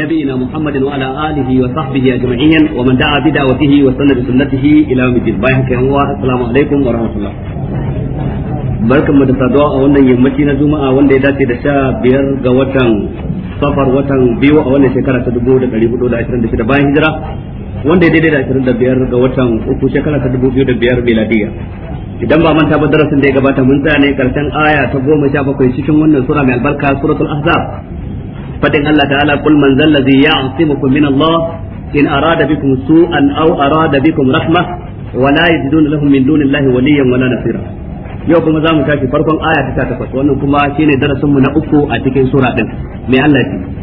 نبينا محمد وعلى آله وصحبه أجمعين ومن دعا بدعوته وسن بسنته إلى يوم الدين بايحك السلام عليكم ورحمة الله barkan mu da saduwa a wannan yammaci na juma'a wanda ya dace da sha biyar ga watan safar watan biyu a wannan shekara ta dubu da ɗari hudu da ashirin da shida bayan hijira wanda ya daidai da ashirin da biyar ga watan uku shekara ta dubu biyu da biyar miladiya idan ba manta ba darasin da ya gabata mun tsaya ne karshen aya ta goma sha bakwai cikin wannan sura mai albarka suratul ahzab Faɗin Allah ta'ala kul ya zallazi ya'simukum min Allah in arada bikum su'an aw arada bikum rahmah wala yajiduna lahum min dunillahi waliyyan wala nasira yau kuma zamu tashi farkon aya ta 18 wannan kuma shine darasin mu na uku a cikin sura din mai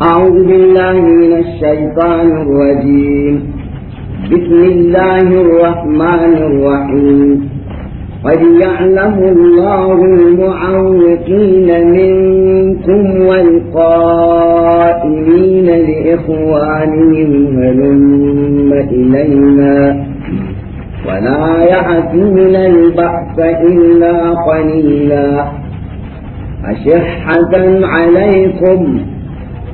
أعوذ بالله من الشيطان الرجيم بسم الله الرحمن الرحيم قد يعلم الله المعوقين منكم والقائلين لإخوانهم هلم إلينا ولا يأتون البعث إلا قليلا أشحة عليكم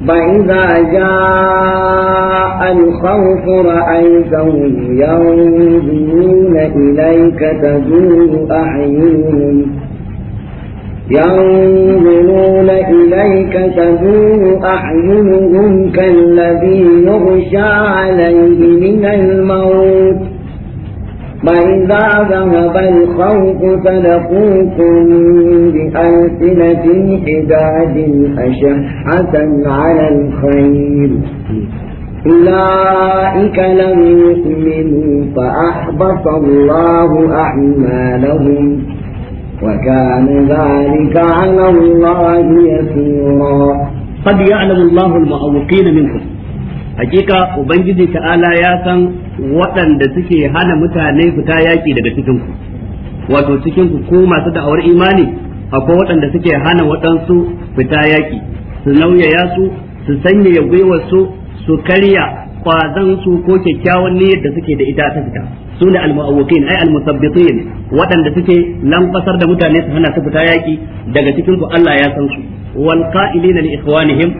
فإذا جاء الخوف رأيتهم ينظرون إليك تزول أعينهم ينظرون إليك تزول أعينهم كالذي يغشى عليه من الموت فإذا ذهب الخوف سلقوكم بألسنة حداد أشحة على الخير أولئك لم يؤمنوا فأحبط الله أعمالهم وكان ذلك على الله يسيرا قد يعلم الله المعوقين منكم حقيقة وبنجد تعالى يا waɗanda suke hana mutane fita yaƙi daga cikin ku wato cikin ku ko masu da'awar imani akwai waɗanda suke hana waɗansu fita yaƙi su nauyaya su su sanyaya gwiwar su su karya kwazan su ko kyakkyawan niyyar da suke da ita ta fita su ne almu'awwakin ai almusabbitin waɗanda suke lanfasar da mutane su hana su fita yaƙi daga cikin ku Allah ya san su wal qa'ilina li ikhwanihim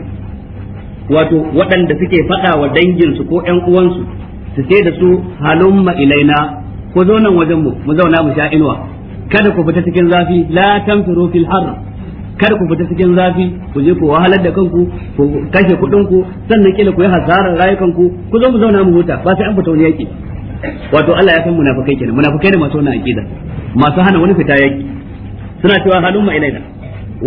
wato waɗanda suke faɗa wa danginsu ko ƴan uwansu su ce da su halumma ilaina ku zo nan wajen mu mu zauna mu sha inuwa kada ku fita cikin zafi la tanfiru fil har kada ku fita cikin zafi ku je ku wahalar da kanku ku kashe kuɗin ku sannan kila ku yi hasarar rayukanku ku zo mu zauna mu huta ba sai an fita wani yaki wato Allah ya san munafikai kenan munafikai ne masu wannan aqida masu hana wani fita yaki suna cewa halumma ilaina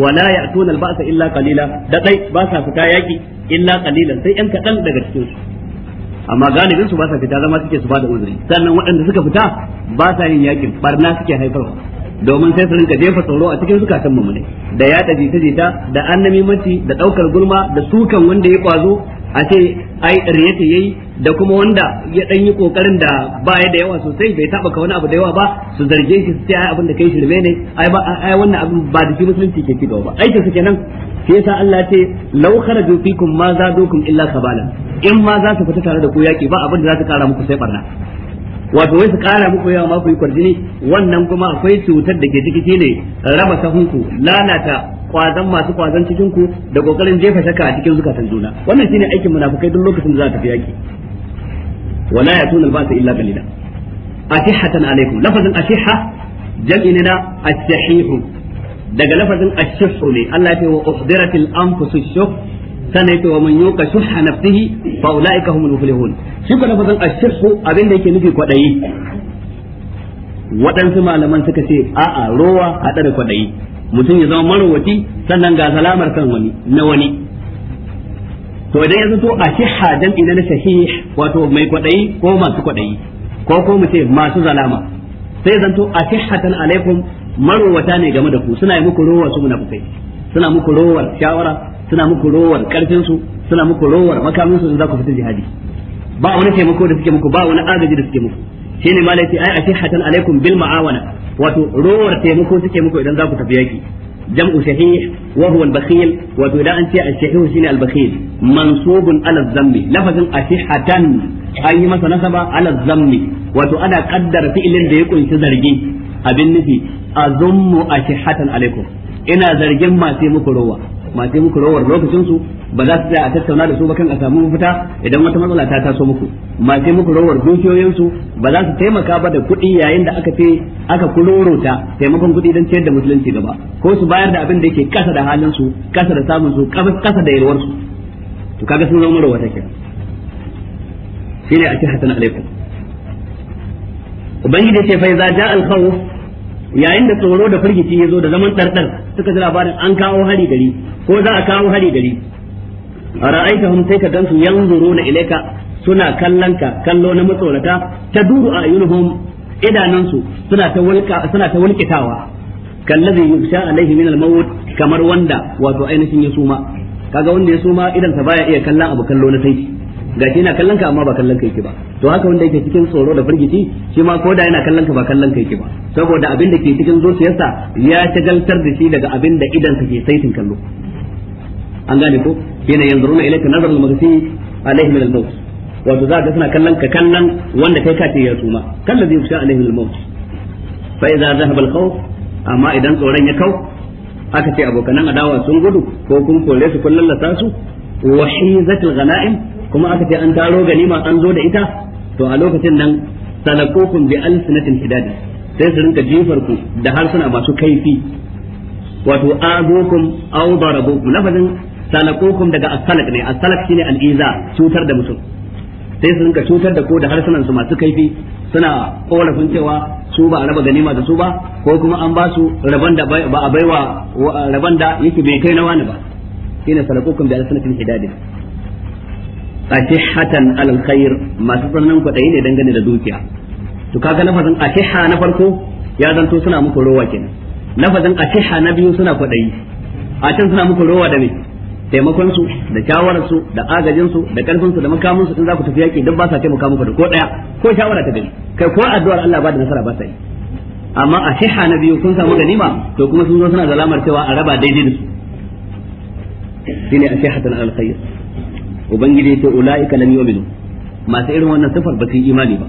wala ya'tuna al-ba'sa illa qalila da kai ba sa fita yaki illa qalilan sai yan kadan daga cikin su amma galibin su ba sa fita zama suke su bada uzuri sannan waɗanda suka fita ba sa yin yakin barna suke haifarwa domin sai su rinka jefa tsoro a cikin zukatan mu ne da ya jita jita da mati da ɗaukar gulma da sukan wanda ya kwazo a ce ai riyata yayi da kuma wanda ya dan yi kokarin da ba ya da yawa sosai bai taba ka wani abu da yawa ba su zarge shi su ce ai abin da kai shirme ne ai ba ai wannan abin ba da shi musulunci ke kidawa ba aikin su kenan sai yasa Allah ce law kharaju fikum ma zadukum illa kabalan in ma za su fita tare da ku yaki ba abin da za su kara muku sai barna wato wai su kara muku yawa ma ku yi kwarjini wannan kuma akwai cutar da ke ciki shine raba sahunku lalata kwazan masu kwazan cikin ku da kokarin jefa shaka a cikin zukatan juna wannan shine aikin munafikai duk lokacin da za ta tafi yaki wala yatuna al-ba'sa illa qalila ashihatan alaikum lafazin ashiha jam'i ne na ashihu daga lafazin ashifru ne Allah ya ce wa uhdiratil anfusush sannan yace wa man yuqa shuhha nafsihi fa ulaika humul muflihun shi ko lafazin ashirku abin da yake nufi kwadayi waɗansu malaman suka ce a'a rowa haɗa da kwadayi mutum ya zama marowaci sannan ga salamar kan wani na wani to idan ya zato a dan idan na shahih wato mai kwadayi ko masu kwadayi ko ko mu ce masu zalama sai zanto a shihatan alaikum marowata ne game da ku suna yi muku rowa su munafukai suna muku rowar shawara suna muku rowar karfin su suna muku rowar makamin su za ku fita jihadi ba wani taimako da suke muku ba wani agaji da suke muku shine malai ce ai ashihatan alaikum bil ma'awana wato rowar taimako suke muku idan za ku tafi yaki jam'u shahih wa huwa al bakhil wato idan an ce al shahih shine al bakhil mansubun ala dhammi lafazin ashihatan an yi masa nasaba ala dhammi wato ana kaddara fi'ilin da ya kunshi zargi abin nufi azummu ashihatan alaikum ina zargin masu muku rowa Ma yi muku rawar lokacin su ba za su tsaya a tattauna da su ba kan a samu mafita idan wata matsala ta taso muku Ma yi muku rawar dukiyoyin ba za su taimaka ba da kuɗi yayin da aka ce aka kurorota taimakon kuɗi don ciyar da musulunci gaba ko su bayar da abin da yake kasa da halin su kasa da samun su kasa da yalwar su to kaga sun zama rawata kenan shine a ce hasan alaikum ubangiji ce fa iza ja al khawf yayin da tsoro da firgici zo da zaman dardar suka ji labarin an kawo hari gari ko za a kawo hari gari ra'aitahum sai ka gansu na ilaika suna kallon ka kallo na matsorata ta duru a ayyunuhum idanansu suna ta walka suna ta walkitawa kallazi yusha alaihi min al kamar wanda wato ainihin ya suma kaga wanda ya suma idan sa baya iya kallon abu kallo na sai shi yana kallon ka amma ba kallon ka yake ba to haka wanda yake cikin tsoro da firgici shi ma koda yana kallon ka ba kallon ka yake ba saboda abin da ke cikin zuciyarsa ya shagaltar da shi daga abin da idan ka ke saitin kallo an gane ko yana na ilaka nazarul maghfi alaihi min al-maut wato za ka suna kallon ka kallon wanda kai ka ce ya suma kallon zai fusha alaihi min al-maut fa idza dhahaba al amma idan tsoron ya kau aka ce abokanan adawa sun gudu ko kun kore su kun tasu su wa hizatul ghanaim kuma aka ce an taro ganima an zo da ita to a lokacin nan salakukum bi alsinatin hidad sai su rinka jifarku da harsuna masu kaifi wato azukum aw darabukum lafazin salakukum daga asalak ne asalak shine al'iza cutar da mutum sai su rinka cutar da ko da harsunan su masu kaifi suna korafin cewa su ba a raba ganima da su ba ko kuma an ba su rabon da ba a baiwa rabon da yake bai kai na wani ba shine salakukum bi alsinatin hidad ashihatan alal khair masu tsananin kwaɗayi ne dangane da dukiya to kaga lafazin ashiha na farko ya zanto suna muku rowa kenan lafazin ashiha na biyu suna kwaɗayi a can suna muku rowa da me taimakon su da shawarar su da agajin su da karfin su da makamin su in za ku tafi yaki duk ba sa taimaka muku da ko daya ko shawara ta gani kai ko addu'ar Allah ba da nasara ba sai amma a shiha na biyu kun samu ganima to kuma sun zo suna da lamar cewa a raba daidai da su shine a shihatan alkhair ubangiji yace ulaika lam yu'minu masu irin wannan sifar ba su yi imani ba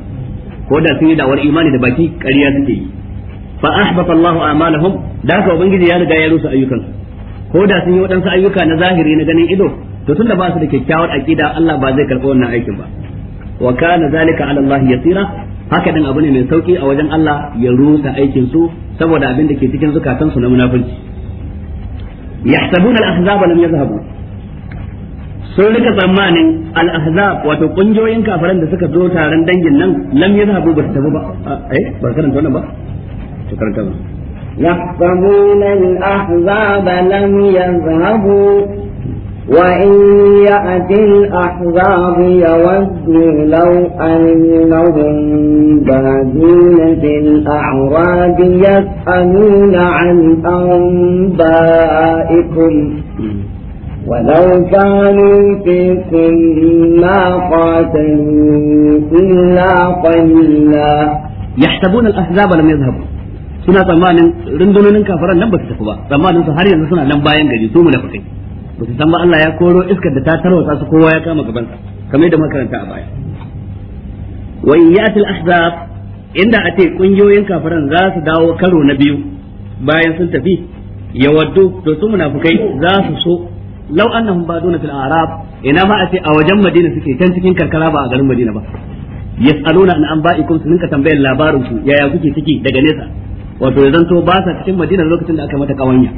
ko da sun yi dawar imani da baki ƙarya suke yi fa ahbata Allahu a'malahum da haka ubangiji ya riga ya rusa ayyukansu ko da sun yi waɗansu ayyuka na zahiri na ganin ido to tunda ba su da kyakkyawar aqida Allah ba zai karɓi wannan aikin ba wa kana zalika ala Allah yasira haka din abu ne mai sauki a wajen Allah ya rusa aikin su saboda abin da ke cikin zukatan na munafurci yahsabuna al-ahzaba lam yadhhabu sun rika tsammanin al wato ƙungiyoyin kafiran da suka zo taron dangin nan lam yazhabu ba tabu ba ah, eh ba karanta wannan ba to karanta ba يحسبون الأحزاب لم يذهبوا وإن يأتي الأحزاب يودوا لو أنهم بادون في الأعراب يسألون عن أنبائكم ولو كانوا فيكم ما قاتلوا إلا قليلا يحسبون الأحزاب لم يذهبوا suna tsammanin rundunonin kafaran nan ba su tafi ba tsammanin su har yanzu suna nan bayan gari su munafikai ba su san Allah ya koro iskar da ta tarwatsa su kowa ya kama gaban sa kamar yadda makaranta a baya wa yati al-ahzab inda ate kungiyoyin kafaran za su dawo karo na biyu bayan sun tafi ya yawaddu to su munafikai za su so law annahum baduna fil a'rab ina ba a ce a wajen madina suke can cikin karkara ba a garin madina ba yas'aluna an anba'ikum su ninka tambayar labarin ku yaya kuke ciki daga nesa wato ya zanto ba sa cikin madina lokacin da aka mata kawanya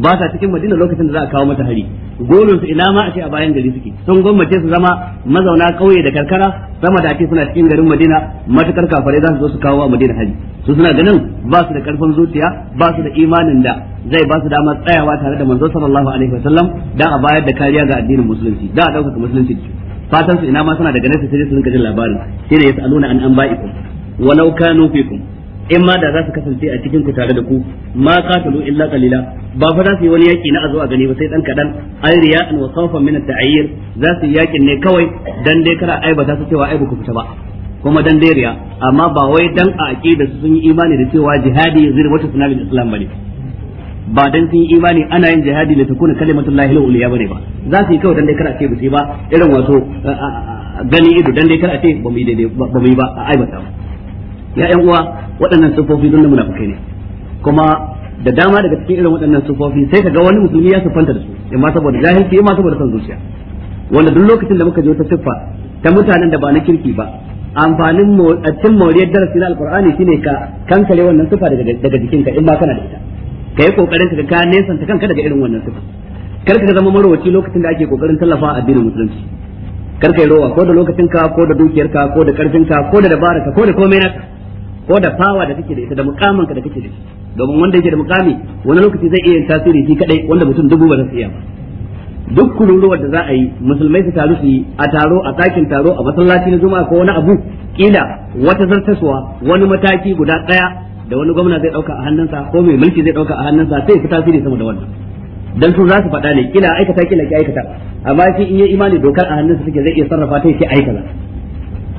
ba sa cikin madina lokacin da za a kawo mata hari golin su ina ma a ce a bayan gari suke sun gwammace su zama mazauna kauye da karkara sama da ake suna cikin garin madina matukar kafare za su zo su kawo a madina hari su suna ganin ba su da karfin zuciya ba su da imanin da zai ba su dama tsayawa tare da manzo sallallahu alaihi wasallam da a bayar da kariya ga addinin musulunci da a dauka musulunci fatan su ina ma suna daga su sai su rinka jin labarin shine yasaluna an an anba'ikum walau kanu fikum in ma da za su kasance a cikin ku tare da ku ma qatalu illa qalila ba fa za su yi wani yaki na zo a gani ba sai dan kadan ay riya'an wa khawfan min at-ta'yir za su yi yakin ne kawai dan dai kara ai ba za su cewa ai ba ku fita ba kuma dan dai riya amma ba wai dan a aqida su sun yi imani da cewa jihadi zai wata sunan islam bane ba dan sun yi imani ana yin jihadi da takuna kalimatullahi al-uliya bane ba za su yi kawai dan dai kara ce ba sai ba irin wato gani ido dan dai kara ce ba mu yi daidai ba mu yi ba a aibata ba ya yan uwa waɗannan sufofi don munafikai ne kuma da dama daga cikin irin waɗannan sufofi sai kaga wani musulmi ya sufanta da su amma saboda jahilci amma saboda son zuciya wanda duk lokacin da muka je ta siffa ta mutanen da ba na kirki ba amfanin cin moriyar darasi na alkur'ani shine ka kankare wannan sifa daga jikinka in ba kana da ita ka yi kokarin ka ka nesanta kanka daga irin wannan sifa kar ka zama marowaci lokacin da ake kokarin tallafa addinin musulunci kar ka yi rowa ko da lokacinka ko da dukiyarka ko da karfinka ko da dabararka ko da komai naka ko da fawa da kake da ita da mukamin ka da kake da shi domin wanda yake da mukami wani lokaci zai iya yin tasiri shi kadai wanda mutum dubu ba zai iya ba duk ruwa da za a yi musulmai su taru su yi a taro a sakin taro a masallaci na juma'a ko wani abu kila wata zartaswa wani mataki guda ɗaya da wani gwamna zai ɗauka a hannunsa ko mai mulki zai ɗauka a hannunsa sai su tasiri sama da wannan dan su za su faɗa ne kila aikata kila ki aikata amma shi in yi imani dokar a hannunsa suke zai iya sarrafa ta yake aikata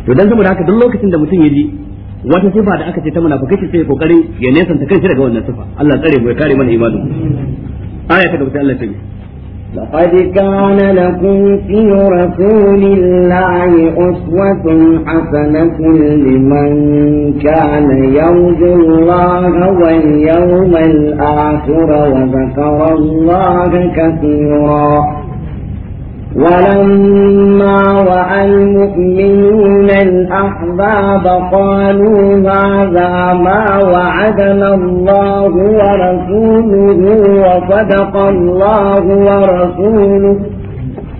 to dan saboda haka duk lokacin da mutum ya ji wata sifa da aka ce ta munafikai ce sai kokarin ya nesanta kanshi daga wannan sifa Allah tsare mu ya kare mana imani aya ta gaba sai Allah ta yi لقد كان لكم في رسول الله أسوة حسنة لمن كان يرجو الله واليوم الآخر وذكر الله كثيرا ولما رأى المؤمنون الأحباب قالوا هذا ما وعدنا الله ورسوله وصدق الله ورسوله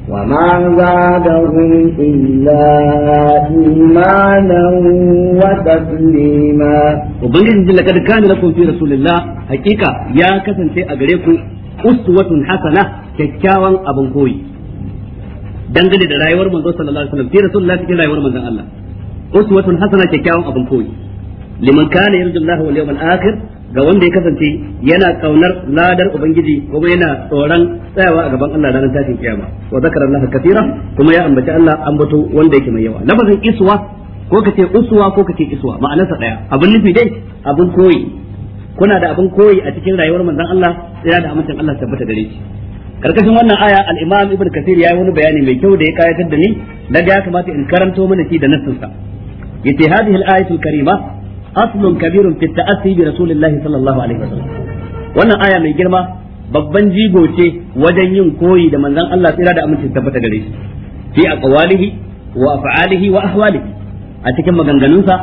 وما زادهم إلا إيمانا وتسليما وبنجد لقد كان لكم في رسول الله حقيقة يا كسن سيئة أسوة حسنة كيكاوان قوي dangane da rayuwar manzo sallallahu alaihi wasallam sai rasulullahi cikin rayuwar manzon Allah uswatun hasana kyakkyawan abin koyi liman kana yarju Allah wal yawmal akhir ga wanda ya kasance yana kaunar ladar ubangiji kuma yana tsoron tsayawa a gaban Allah ranar tashin kiyama wa zakara Allah kathira kuma ya ambaci Allah ambato wanda yake mai yawa lafazin iswa ko kace uswa ko kace iswa ma'anarsa daya abin nufi dai abin koyi kuna da abin koyi a cikin rayuwar manzon Allah tsira da amincin Allah tabbata gare shi karkashin wannan aya al-imam ibn yi yayi wani bayani mai kyau da ya kayatar da ni na da ya kamata in karanto mana shi da nassin sa yace hadhihi al-ayatu al-karima aslun kabirun fi ta'assi bi rasulillahi sallallahu alaihi wasallam wannan aya mai girma babban jigo ce wajen yin koyi da manzon Allah tsira da aminci tabbata gare shi fi aqwalihi wa af'alihi wa ahwalihi a cikin maganganunsa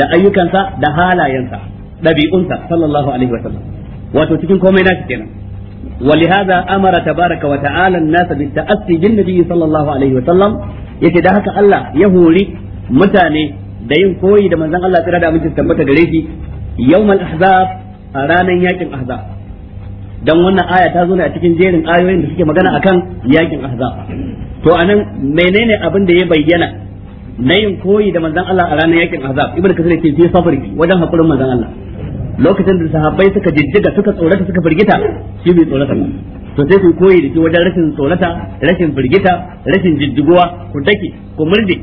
da ayyukansa da halayensa dabi'unsa sallallahu alaihi wasallam wato cikin komai na kenan ولهذا أمر تبارك وتعالى الناس بالتأسي بالنبي صلى الله عليه وسلم يتدهك الله يهولي متاني دين كوي دم زن الله ترى دام تستمت قريسي يوم الأحزاب أرانا ياكن أحزاب dan wannan aya ta zo ne a cikin jerin ayoyin da suke magana akan yakin ahzab to anan menene abin da ya bayyana na yin koyi da manzon Allah a ranar yakin ahzab ibnu kasir ke fi sabri wajen hakurin manzon Allah lokacin da sahabbai suka jijjiga suka tsorata suka firgita shi bai tsorata ba to sai ku koyi da shi wajen rashin tsorata rashin firgita rashin jijjiguwa ku dake ku murde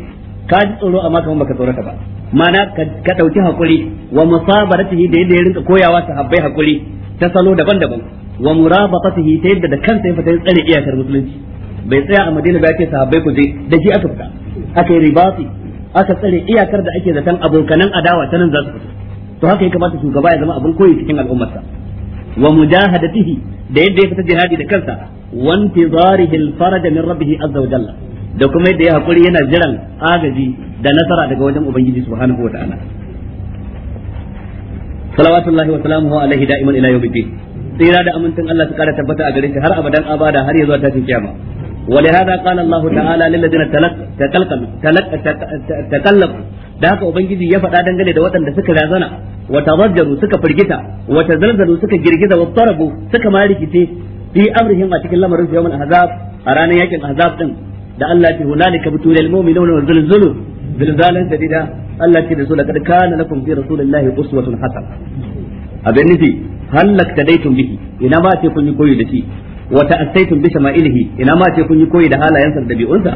ka ji tsoro amma kamar baka tsorata ba mana ka dauki hakuri wa musabaratihi da yadda ya rinka koyawa sahabbai hakuri ta salo daban-daban wa murabaqatihi ta yadda da kansa ya fita ya tsare iyakar musulunci bai tsaya a Madina ba ya ce sahabbai ku je da shi aka fita aka yi ribati aka tsare iyakar da ake zaton abokanan adawa ta nan za su fita to haka ya kamata shugaba ya zama abin koyi cikin al'ummarsa wa mujahadatihi da yadda ya fita jihadi da kansa wa intizarihi al-faraja min rabbih azza wa jalla da kuma yadda ya hakuri yana jiran agaji da nasara daga wajen ubangiji subhanahu wa ta'ala salawatullahi wa salamuhu alaihi da'iman ila yawmiddin tsira da amincin Allah su kara tabbata a gare shi har abadan abada har ya zuwa tashin kiyama ولهذا قال الله تعالى للذين تلق تكلم تلق تكلم da haka ubangiji ya faɗa dangane da waɗanda suka razana wa tazajjaru suka firgita wa tazalzalu suka girgiza wa tarabu suka ma rikice fi amrihim a cikin lamarin yawmal ahzab a ranar yakin ahzab din da Allah ya ce hunalika butulil mu'minuna wa zulzulu zilzalan sadida Allah ya ce da su laqad kana lakum fi rasulillahi uswatun hasana abin nufi hallak tadaitum bihi ina ma ce kun yi koyi da shi wa ta'assaytum bi shama'ilihi ina ma ce kun yi koyi da halayensa da dabi'unsa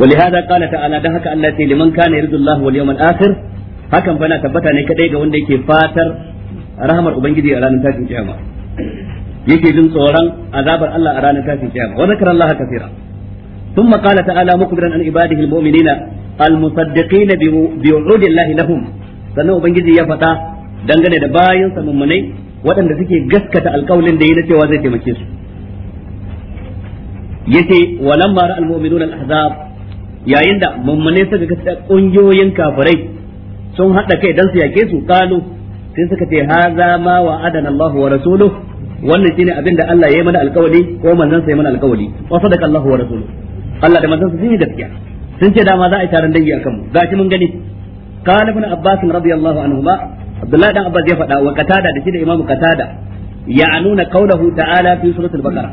ولهذا قال تعالى ده هكا الله لمن كان يرجو الله واليوم الآخر hakan fa tabbata ne kadai ga wanda yake fatar rahamar ubangiji a ranar tashin kiyama yake jin tsoron azabar Allah a ranar tashin kiyama wa zakara Allah kaseera ثم قال تعالى مخبرا عن عباده المؤمنين المصدقين بوعود الله لهم sannan ubangiji ya faɗa dangane da bayan samummunai waɗanda suke gaskata alƙawlin da yi na cewa zai taimake su yace walamma ra'al mu'minuna al-ahzab yayin da mummune suka ga kungiyoyin kafirai sun hada kai dan su yake su kalu sai suka ce haza ma wa adana Allahu wa rasuluhu wannan shine abin da Allah ya yi mana alkawali ko manzon sa ya mana alkawali wa sadaka Allahu wa rasuluhu Allah da manzon sa shine gaskiya sun ce dama za a yi taron dangi akan mu gashi mun gani kana ibn abbas radiyallahu ma abdullah dan abbas ya faɗa wa qatada da shi da imamu qatada ya anuna qawluhu ta'ala fi suratul baqara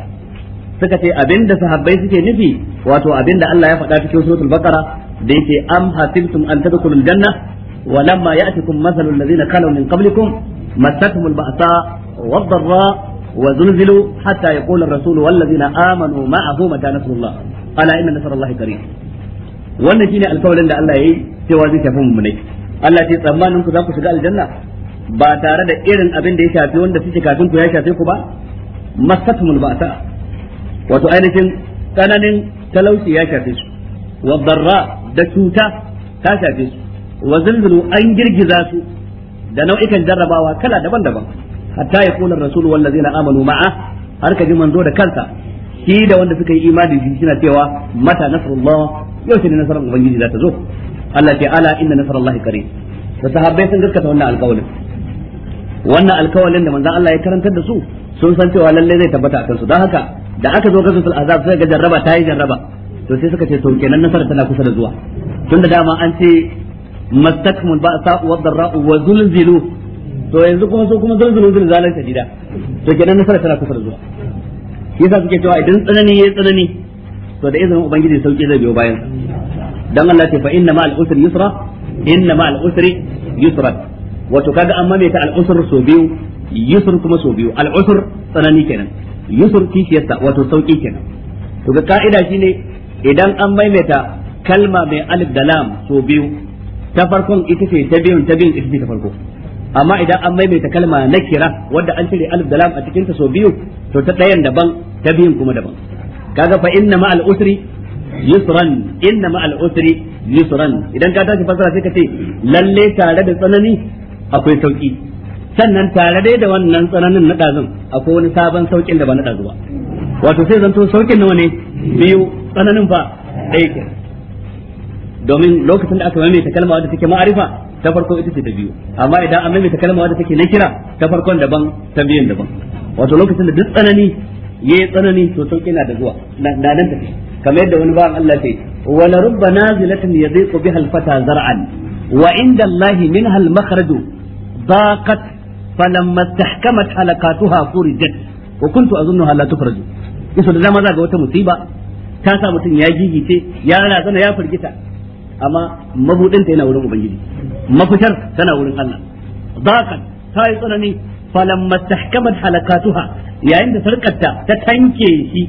suka ce abinda sahabbai suke nufi wato abinda Allah ya faɗa cikin suratul baqara da yake am hasibtum an tadkhulul janna wa lamma ya'tikum mathalul ladzina khalu min qablikum massatuhumul ba'sa wad-dharra wa zulzilu hatta yaqula ar-rasul wal ladzina amanu ma'ahu mata nasrullah ala inna nasrallahi qarib wannan shine alkawarin da Allah yayi cewa zai shafi mu ne Allah ce tsammanin ku za ku shiga aljanna ba tare da irin abinda ya shafi wanda suke kafin ku ya shafe ku ba wato ainihin tsananin talauci ya shafe su wa da cuta ta shafe su wa zilzilu an girgiza su da nau'ikan jarrabawa kala daban-daban hatta ya kula rasulu na amanu ma'a har ka ji manzo da kansa shi da wanda suka yi imani shi suna cewa mata nasrullah yau shi ne nasarar ubangiji za ta zo Allah ce ala inna nasrallahi qarib da sahabbai sun gaskata wannan alƙawarin wannan alƙawarin da manzon Allah ya karantar da su sun san cewa lalle zai tabbata a kansu don haka da aka zo gazatul azab sai ga jarraba ta yi jarraba to sai suka ce to kenan nasara tana kusa da zuwa tunda dama an ce mastakmul ba'sa wa dharra wa zulzilu to yanzu kuma so kuma zulzulu zulzalan shadida to kenan nasara tana kusa da zuwa shi yasa suke cewa idan tsanani yayi tsanani to da izinin ubangiji sauki zai biyo bayan dan Allah ce fa inna ma al-usri yusra inna ma al-usri yusra wato kaga amma mai ta al-usr so biyu yusr kuma so biyu al-usr tsanani kenan Yusuf kishiyarsa wato sauki kenan to ga ka'ida shine idan an maimaita kalma mai alif da lam so biyu ta farkon ita ce ta biyun ta biyun ita ce ta farko amma idan an maimaita kalma na kira wadda an cire alif da lam a cikin ta so biyu to ta ɗayan daban ta biyun kuma daban kaga fa inna ma al usri yusran inna ma al usri yusran idan ka tashi fasara sai ka ce lalle tare da tsanani akwai sauƙi. sannan tare dai da wannan tsananin na ɗazin akwai wani sabon saukin da ba na ɗazuwa wato sai zanto saukin nawa ne biyu tsananin ba ɗaya ke domin lokacin da aka maimaita kalma wadda take ma'arifa ta farko ita ce ta biyu amma idan an maimaita kalma wadda take na kira ta farkon daban ta biyun daban wato lokacin da duk tsanani ya yi tsanani to sauƙi na da zuwa na nan tafi kamar yadda wani bawan Allah ce wala rubba nazilatin yadhiqu biha al-fata zar'an wa inda Allah minha al-makhraju daqat falamma tahkamat halakatuha furijat wa kuntu azunnuha la tufraju da dama za ga wata musiba ta sa mutum ya gigice ya razana ya fargita. amma mabudin ta yana wurin ubangiji mafitar tana wurin Allah dakan ta yi tsanani falamma tahkamat halakatuha yayin da sarkarta ta tanke shi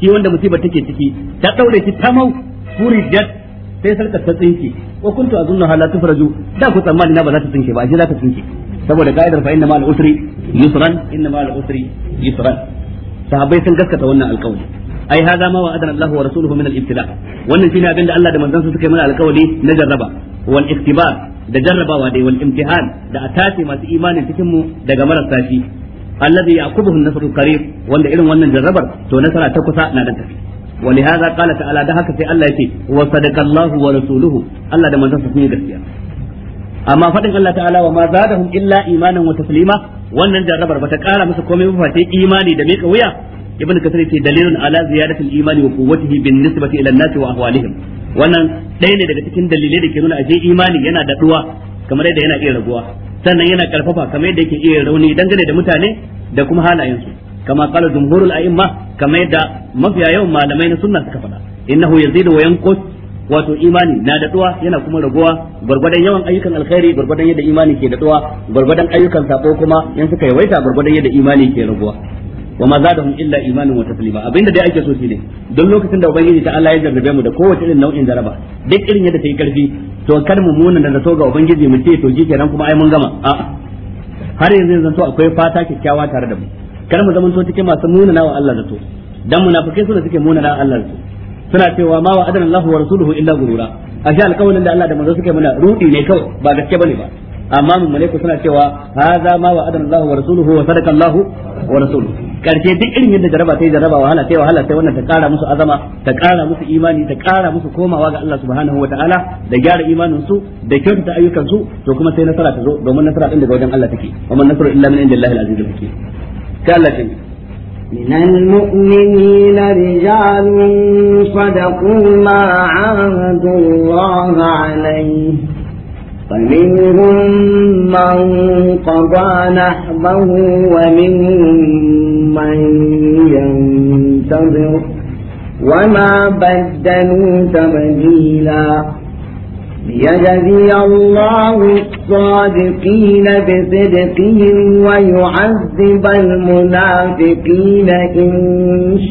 shi wanda musiba take ciki ta daure shi tamau furijat sai sarkar ta tsinke wa kuntu azunnu da ku tsammani na ba za ta tsinke ba ashe za ta tsinke saboda ka'idar fa inna ma al-usri yusran inna ma al-usri yusran sahabbai sun gaskata wannan alƙawari ai hada ma wa adana Allah wa rasuluhu min al-ibtila wannan shine abinda Allah da manzon sa suka yi mana alƙawari na jarraba wal iktibar da jarrabawa dai wal imtihan da atati masu imanin cikin mu daga marasa shi alladhi yaqubuhu an-nasru qarib wanda irin wannan jarrabar to nasara ta kusa na da tafi ولهذا قال تعالى ده هكذا الله يتي وصدق الله ورسوله الله ده من تصدق gaskiya. amma faɗin Allah ta'ala wa ma zadahum illa imanan wa taslima wannan jarrabar bata kara musu komai ba face imani da mika wuya ibn kasir ce dalilun ala ziyadati al-imani wa quwwatihi bin nisbati ila an-nas wa ahwalihim wannan ɗaya ne daga cikin dalilai da ke nuna ashe imani yana daɗuwa kamar yadda yana iya raguwa sannan yana karfafa kamar yadda yake iya rauni dangane da mutane da kuma halayensu kama qala jumhurul a'imma kamar yadda mafiya yawan malamai na sunna suka faɗa innahu yazidu wa yanqus wato imani na daɗuwa yana kuma raguwa gwargwadon yawan ayyukan alkhairi gwargwadon yadda imani ke daɗuwa gwargwadon ayyukan sako kuma in suka yawaita gwargwadon yadda imani ke raguwa wa ma hun illa imanin wa taslima abinda dai ake so ne don lokacin da ubangiji ta Allah ya jarrabe mu da kowace irin nau'in jaraba duk irin yadda ta yi karfi to kar mu munan da zato ga ubangiji mu ce to ran kuma ai mun gama a'a har yanzu zan to akwai fata kyakkyawa tare da mu kar mu to cikin masu munana wa Allah zato dan munafikai su da suke munana wa Allah zato suna cewa ma wa adana Allahu wa rasuluhu illa gurura a shi alƙawarin da Allah da manzo suka mana rudi ne kawai ba gaske bane ba amma mun malaiku suna cewa haza ma wa adana Allahu wa rasuluhu wa sadaka Allahu wa rasuluhu karshe duk irin yadda jaraba sai jaraba wahala sai wahala sai wannan ta ƙara musu azama ta ƙara musu imani ta ƙara musu komawa ga Allah subhanahu wataala da gyara imanin su da kyautata ayyukan su to kuma sai nasara ta zo domin nasara din daga wajen Allah take wa man nasru illa min indillahi al-azizul hakim sai Allah من المؤمنين رجال صدقوا ما عاهدوا الله عليه فمنهم من قضى نحبه ومنهم من ينتظر وما بدلوا تبديلا ليجزي الله الصادقين بصدقهم ويعذب المنافقين إن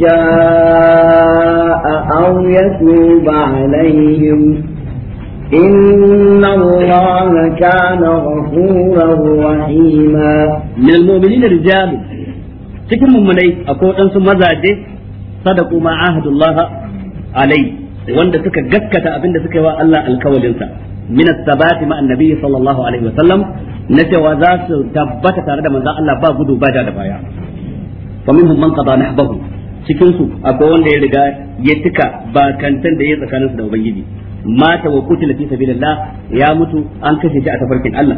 شاء أو يتوب عليهم إن الله كان غفورا رحيما من المؤمنين رجال cikin mummunai akwai waɗansu mazaje sadaku ma ahadullaha alai wanda suka gaskata abinda suka yi wa Allah alkawalinsa min as-sabati ma annabi sallallahu alaihi wa sallam na cewa za su tabbata tare da manzon Allah ba gudu ba da baya fa minhum man qada nahbahu cikin su akwai wanda ya riga ya tuka bakantan da ya tsakaninsu da ubangiji mata wa kutila fi sabilillah ya mutu an kashe shi a tafarkin Allah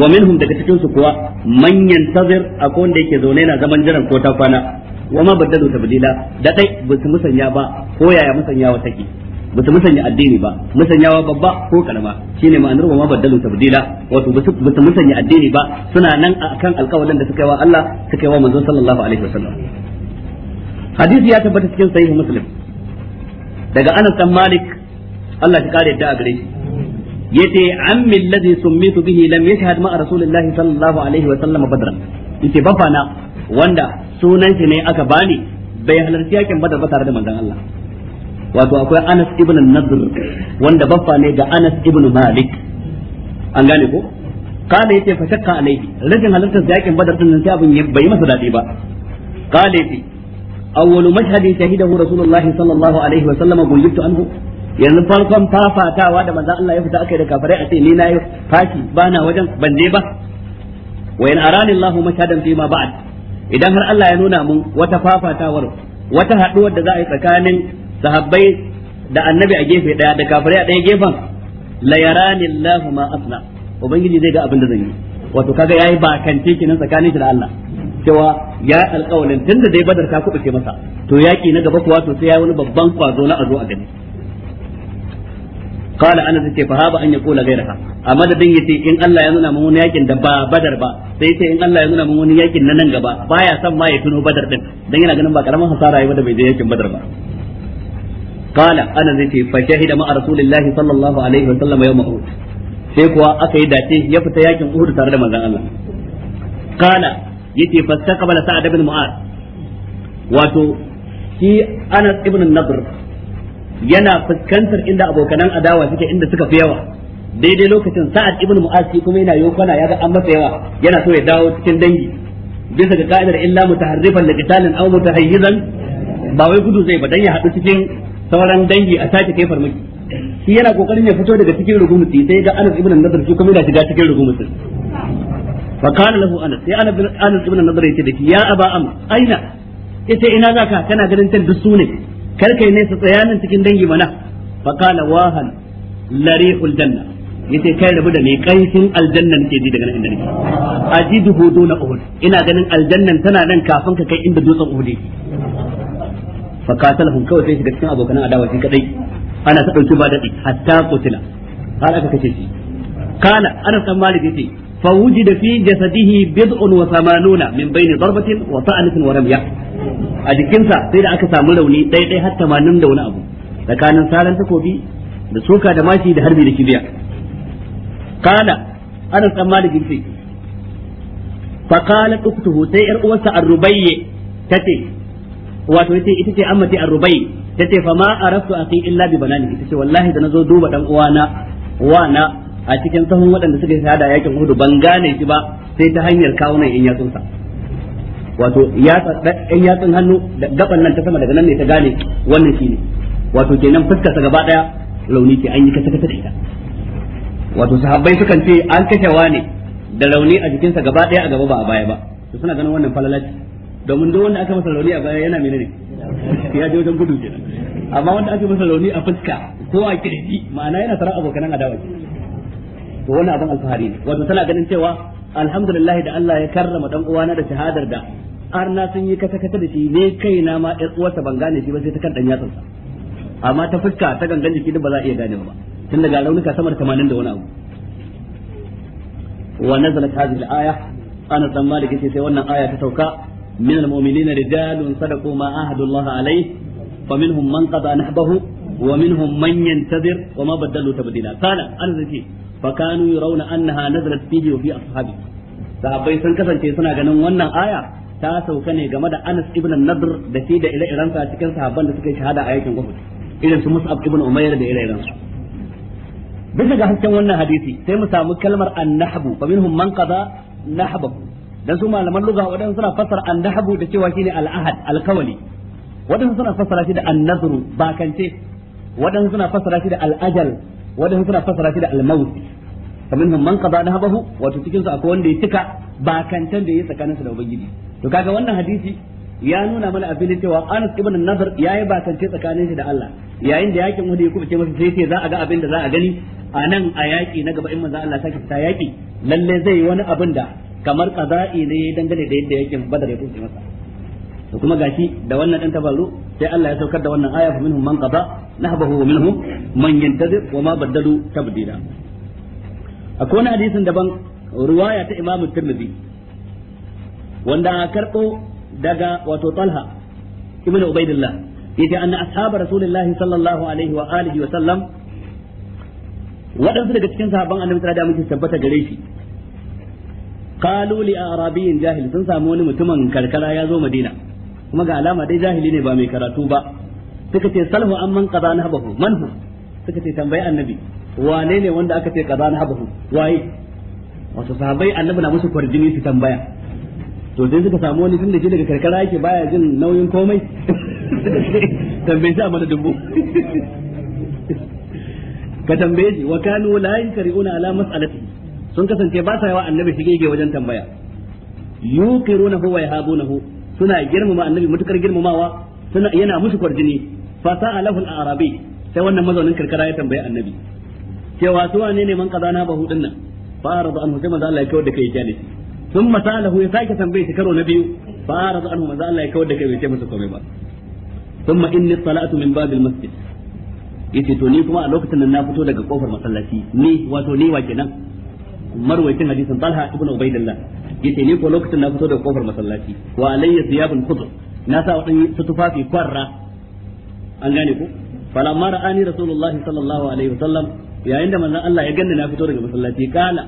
wa minhum daga cikin su kuwa man yantazir akwai wanda yake zaune yana zaman jiran ko ta kwana wa ma baddalu tabdila da dai ba su musanya ba ko yaya musanya wa take ba su musanya addini ba musanyawa babba ko karama shine ma'anar wa ma baddalu tabdila wato ba su musanya addini ba suna nan akan alƙawarin da suka yi wa Allah suka yi wa manzon sallallahu alaihi wasallam hadisi ya tabbata cikin sahih muslim daga Anas bin Malik Allah ya kare da gare shi yace ammi alladhi summitu bihi lam yashhad ma rasulullahi sallallahu alaihi wasallam badran yace babana wanda sunan shi ne aka bani bai halarci yakin badar ba tare da manzon Allah wato akwai Anas ibn Nadr wanda baffa ne ga Anas ibn Malik an gane ko kala yace fa shakka alaihi rajin halartar yakin badar din sai abin bai masa dadi ba kala yace awwalu mashhadin shahidahu rasulullahi sallallahu alaihi wa sallam gulibtu anhu yanzu farkon fafatawa da manzon Allah ya fita akai da kafirai a ce ni na yi fashi bana wajen ban je ba wa in arani Allah mashhadan fi ma ba'd idan har Allah ya nuna mun wata fafatawar wata haduwar da za a yi tsakanin sahabbai da annabi a gefe daya da kafirai a daya gefen la yarani Allah ma asna ubangiji zai ga abin da zan yi wato kaga yayi ba kante kenan tsakanin shi da Allah cewa ya alƙawalin tunda dai badar ta ke masa to yaki na gaba kuwa to sai yayi wani babban kwazo na azo a gani qala ana ce fa haba an yaqula ghayraha a madadin yace in Allah ya nuna mun wani yakin da ba badar ba sai yace in Allah ya nuna mun wani yakin na nan gaba baya son ma ya tuno badar din dan yana ganin ba karaman hasara yayi ba da bai je yakin badar ba qala ana zai ce fa sallallahu alaihi wa sallam yawm uhud sai kuwa aka yi dace ya yakin uhud tare da manzon Allah qala yace fastaqbala sa'ad ibn mu'ad wato shi Anas ibn Nadr yana fuskantar inda abokanan adawa suke inda suka fi yawa daidai lokacin sa'ad ibn mu'az kuma yana yokana yaga an masa yawa yana so ya dawo cikin dangi bisa ga ka'idar illa mutaharrifan li qitalin aw mutahayyizan ba wai gudu zai ba dan ya hadu cikin sauran dangi a sake kai farmaki shi yana kokarin ya fito daga cikin rugumusi sai ga Anas ibn Nadr shi kuma yana shiga cikin rugumusi fa kana lahu Anas sai Anas ibn Nadr yace da ya aba am aina yace ina zaka kana ganin tan duk sune kar kai ne su tsayanin cikin dangi mana fa kana wahan larihul janna yace kai rabu da ne kaifin aljannan ke ji daga nan inda nake ajiduhu na uhud ina ganin aljannan tana nan kafin ka kai inda dutsen uhud fa qatalahum kawai sai shiga cikin abokan adawa shi kadai ana ta dauki ba dadi hatta qutila har aka kace shi kana anas dan malik yace fa wujida fi jasadihi bid'un wa thamanuna min bayni darbatin wa ta'anatin wa ramya a jikinsa sai da aka samu rauni dai dai har 80 da wani abu tsakanin saran takobi da soka da mashi da harbi da kibiya kana anas dan malik yace fa qalat uktuhu sai yar uwarsa ar-rubayy tace wato yace ita ce amma ar-rubai tace fa ma araftu aqi illa bi banani ita ce wallahi da nazo duba dan uwana wana a cikin sahun waɗanda suka yi shahada yakin hudu ban gane shi ba sai ta hanyar kawunan in yatsun sa wato yatsa in yatsun hannu gaban nan ta sama daga nan ne ta gane wannan shine wato kenan fuskar sa gaba daya launi ce an yi kasa kasa da ita wato sahabbai sukan ce an kashe ne da rauni a jikinsa gaba daya a gaba ba a baya ba to suna ganin wannan falalaci domin duk wanda aka masa rauni a baya yana menene ya je wajen gudu kenan amma wanda aka masa rauni a fuska ko a kirji ma'ana yana tsara abokan adawa ke to wani abin alfahari ne wato tana ganin cewa alhamdulillah da Allah ya karrama dan uwana da shahadar da na sun yi kasa kasa da shi ne kaina ma ɗan uwarsa ban gane shi ba sai ta kan dan yatsansa amma ta fuska ta gangan jiki ba za a iya gane ba tun daga raunuka sama da 80 da wani abu wa nazalat hadhihi al-aya ana da kace sai wannan aya ta sauka من المؤمنين رجال صدقوا ما عاهدوا الله عليه فمنهم من قضى نحبه ومنهم من ينتظر وما بدلوا تبديلا قال أرزكي فكانوا يرون أنها نزلت فيه وفي أصحابه sahabbai sun kasance suna ganin wannan aya ta sauka ne game da Anas ibn Nadr da shi da ire-irensa cikin sahabban da suka yi shahada a yakin Uhud irin su Mus'ab ibn Umayr da ire-irensu bisa ga hasken wannan hadisi sai mu samu kalmar annahbu fa minhum man qada nahbahu dan su malaman lugha wadansu suna fassara annahbu da cewa shine al-ahad al-qawli wadansu suna fassara shi da an-nazru bakance wadansu suna fassara shi da al-ajal wadansu suna fassara shi da al-maut faminhum man qada nahbahu wato cikin su akwai wanda ya cika bakantan da ya tsakanin su da ubangiji to kaga wannan hadisi ya nuna mana a filin cewa Anas ibn Nadr yayi bakance tsakanin shi da Allah yayin da yakin wani ya kubuce masa sai sai za a ga abin da za a gani a nan a yaki na gaba in manzo Allah sake fita yaki lalle zai yi wani abin da kamar kaza'i ne dangane da yadda yakin badar ya tuce masa to kuma gashi da wannan dan tabaru sai Allah ya saukar da wannan aya fa minhum man qada nahbahu minhum man yantazir wa ma badalu tabdila akwai wani hadisin daban ruwaya ta imamu Tirmidhi wanda karbo daga wato Talha ibn Ubaidillah yace anna ashabu Rasulullah sallallahu alaihi wa alihi wa sallam waɗansu daga cikin sahabban annabi da muke tabbata gare shi قالوا لي arabiyin jahil sun samu wani mutumin karkara ya zo madina kuma ga alama dai jahili ne ba mai karatu ba suka ce salhu amman qada nahbahu man hu suka ce tambayi annabi wane ne wanda aka ce qada nahbahu waye wato sahabbai annabi na musu kwarjini su tambaya to dai suka samu wani tun da shi daga karkara yake baya jin nauyin komai tambaye shi a mana dubu ka tambaye shi wa kanu la yankari'una ala mas'alatihi sun kasance ba sa yawa annabi shige wajen tambaya yuqirunahu wa yahabunahu suna girmama annabi mutukar girmamawa suna yana musu kwarjini fa sa'alahu al-arabi sai wannan mazaunin karkara ya tambayi annabi cewa su wane ne man kazana bahu dinnan fa arada anhu sai manzo Allah ya kawar da kai ya karo na biyu kyale ثم سأله يساك تنبيه كرو نبي فأعرض عنه ماذا الله يكودك بيتي مسكومي با ثم salatu min من باب المسجد yace to ni kuma a lokacin nan na fito daga kofar masallaci ni wato ni wa kenan marwayacin hadisin Talha ibn Ubaidillah yace ne ko lokacin na fito da kofar masallaci wa alayya thiyabun khudr na sa wadan tufafi kwarra an gane ko falamma ra'ani rasulullahi sallallahu alaihi wasallam yayin da manzon Allah ya ganni na fito daga masallaci kala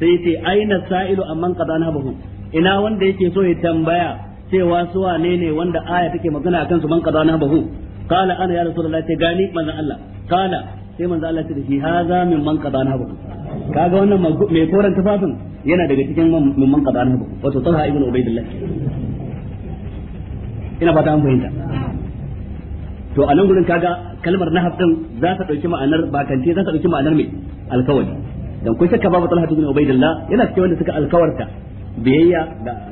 sai yace aina sa'ilu amman qadana bahu ina wanda yake so ya tambaya cewa su wane ne wanda aya take magana akan su man qadana bahu kala ana ya rasulullahi sai gani manzon Allah kala sai manzon Allah ya ce shi haza min man qadana bahu kaga wannan mai koran tufafin yana daga cikin mummun qadan hukum wato talha ibn ubaidillah ina fata an fahimta to a nan gurin kaga kalmar nahab din za ta dauki ma'anar bakance za ta dauki ma'anar mai alkawari dan kun shakka babu talha ibn ubaidillah yana cikin wanda suka alkawarta biyayya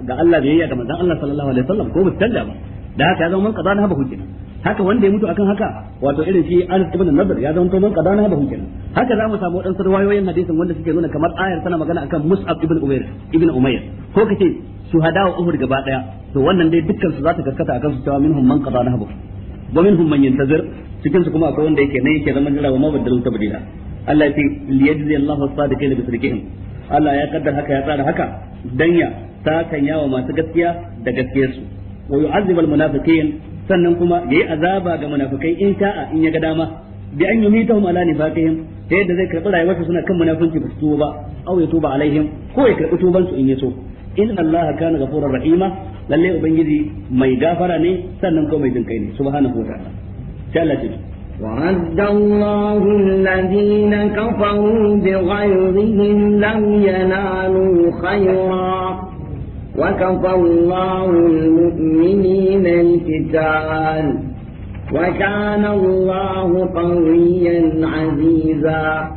ga Allah biyayya ga manzon Allah sallallahu alaihi wasallam ko mutalla ba da haka ya zama mun qadan hukum kenan haka wanda ya mutu akan haka wato irin shi Anas ibn Nadr ya zama mun kadana da hukin haka za mu samu wadansu riwayoyin hadisin wanda suke nuna kamar ayar tana magana akan Mus'ab ibn Umair ibn Umair ko kace shuhada wa Uhud gaba daya to wannan dai dukkan su za ta karkata akan su cewa minhum man qadana habu wa minhum man yantazir cikin su kuma akwai wanda yake nan yake zaman jira wa mabaddalu tabdila Allah ya ce liyajzi Allahu as-sadiqina bi sirqihim Allah ya kaddar haka ya tsara haka dan ya ta kan yawa masu gaskiya da gaskiyarsu wa yu'azzibu munafiqin sannan kuma ya yi azaba ga munafukai in sha'a in ya ga dama bi an yumitahum ala nifaqihim ta yadda zai karɓi rayuwarsu suna kan munafunci ba su tuwo ba aw ya tuba alaihim ko ya karɓi tuban su in ya so in Allah kana ghafurur rahima lalle ubangiji mai gafara ne sannan kuma mai jinkai ne subhanahu wa ta'ala sai Allah ya ورد الله الذين كفروا بغيظهم لم ينالوا خيرا وكفى الله المؤمنين القتال وكان الله قويا عزيزا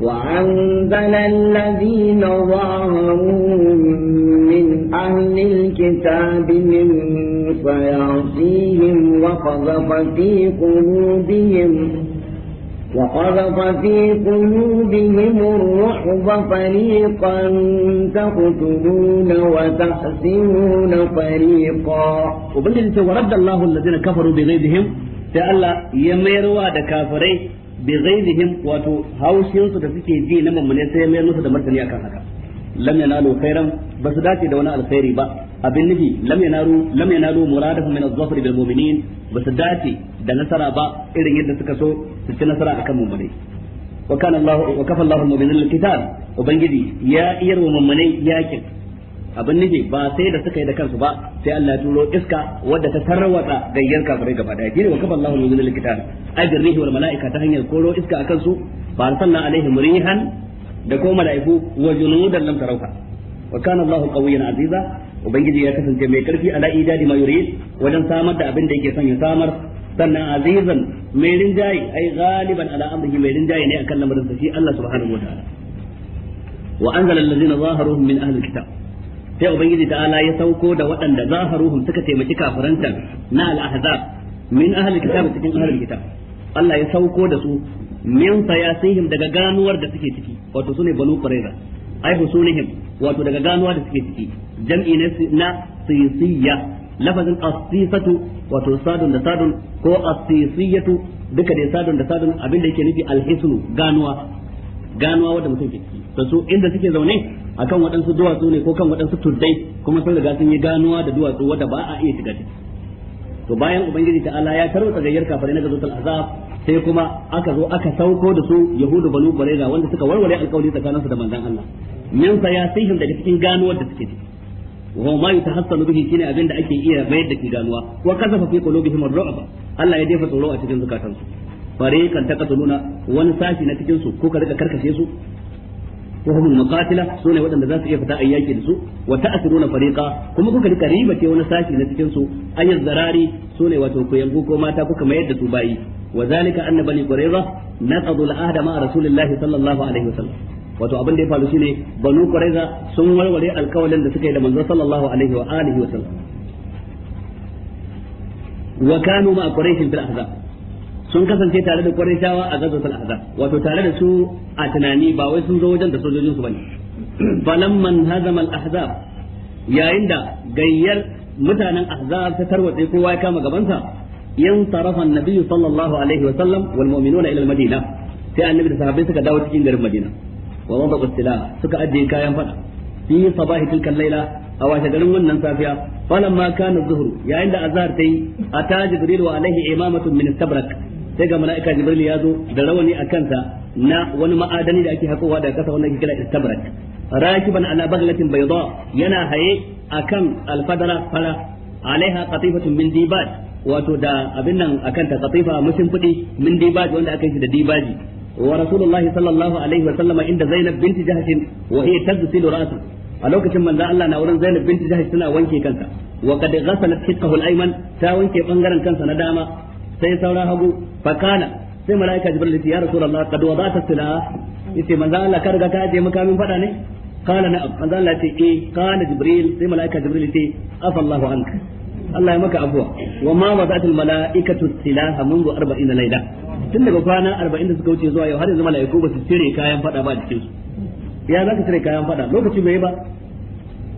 وأنزل الذين ظاهروهم من أهل الكتاب من صياصيهم وقذف في قلوبهم وقذف في قلوبهم الرعب فريقا تقتلون وتحسنون فريقا وبنجد ورد الله الذين كفروا بغيظهم تعالى يميروا دكافرين بغيظهم واتو هاوشين سدفكي جي نمم من يسير ينسى دمرتني أكا lam yanalu khairan ba su dace da wani alkhairi ba abin nufi lam yanaru lam yanalu muradahum min az-zafr bil mu'minin ba su dace da nasara ba irin yadda suka so su ci nasara akan mu'minai wa kana Allah wa kafa Allahu mu'minina al-qital ubangiji ya iyar wa mu'minai yakin abin nufi ba sai da suka yi da kansu ba sai Allah ya turo iska wadda ta tarwata gayyar kafirai gaba daya shine wa kafa Allahu mu'minina al-qital ajrihi wal mala'ika ta hanyar koro iska akan su ba arsalna alaihim rihan da ko mala'iku wa junudan lam tarauka wa kana Allahu qawiyyan aziza ubangiji ya kasance mai karfi ala idadi ma yurid wajen samar da abin da yake son ya samar sannan azizan mai rinjaye ai galiban ala amrihi mai rinjaye ne akan lamarin sa shi Allah subhanahu wataala wa anzala allazina zaharuhum min ahli kitab sai ubangiji ta'ala ya sauko da waɗanda zaharuhum suka taimaki kafiranta na al-ahzab min ahli kitab cikin ahli kitab Allah ya sauko da su min sayasihim daga ganuwar da suke ciki wato sune banu qurayza ai husunihim wato daga ganuwa da suke ciki jam'i ne na sisiyya lafazin as-sifatu wato sadun da sadun ko as-sisiyatu duka dai sadun da sadun da yake nufi al ganuwa ganuwa wanda mutum ke ciki da su inda suke zaune akan waɗansu duwatsu ne ko kan waɗansu tuddai kuma sun riga sun yi ganuwa da duwatsu wanda ba a iya shiga ciki to bayan ubangiji ta Allah ya tarwata gayyar kafirai na gazotul azab sai kuma aka zo aka sauko da su yahudu banu barira wanda suka warware alkawari tsakaninsu da manzon Allah min sayasihim daga cikin ganuwar da suke ciki wa ma yatahassanu bihi shine abin da ake iya bayar da kidanuwa wa kasafa fi qulubihim ar-ru'ba Allah ya jefa tsoro a cikin zukatansu fariqan taqtuluna wani sashi na cikin su ko ka rika karkashe su وهم المقاتلة سونة ودن ذات إيه فتاة إياك لسو وتأثرون فريقا كما كنت لقريبة ونساشي لتكنسو أي الزراري سونة وتوكو ينقوكو ما تاكوك ما يدتو باي وذلك أن بني قريظة نقضوا العهد مع رسول الله صلى الله عليه وسلم wato abin da ya faru shine banu quraiza sun warware alkawalin da suka yi da manzo sallallahu alaihi wa alihi wa sallam wa kanu ma quraishin fil ahzab sun kasance tare da quraishawa a gazatul ahzab wato tare da su a tunani ba wai sun zo wajen da sojojin su bane falamman hazama al ahzab yayin da gayyar mutanen ahzab ta tarwatse kowa ya kama gabansa yan tarafa annabi sallallahu alaihi wa sallam wal mu'minuna ila al madina sai annabi da sahabbai suka dawo cikin garin madina wa wada'u silah suka ajiye kayan fada fi sabahi tilka laila a washe garin wannan safiya ma kana zuhru yayin da azhar tayi ata jibril wa alaihi imamatun min istabrak sai ga mala'ika jibril ya zo da rawani a kansa na wani ma'adani da ake hakowa daga kasa wanda ake kira istabrak rakiban ala baghlatin bayda yana haye akan alfadara fara alaiha qatifatun min dibaj wato da abin nan akan ta qatifa mushin fudi min dibaj wanda aka yi da dibaji ورسول الله صلى الله عليه وسلم عند زينب بنت جهش وهي تغسل رأسه a lokacin manzo Allah na wurin Zainab binti Jahash tana wanke kanta wa kad ghasalat shiqqahu al ta wanke bangaren kansa na dama sai saura hagu fakana sai malaika Jibril ya Rasulullah kad wada'ta silah yace manzo Allah ka riga ka je makamin fada ne qala na manzo Allah ce eh qala Jibril sai malaika Jibril ce afa Allahu anka Allah ya maka منذ 40 layla tun daga kwana arba'in da suka wuce zuwa yau har yanzu mala'iku ba su cire kayan fada ba jikin su ya za ka cire kayan fada lokaci bai ba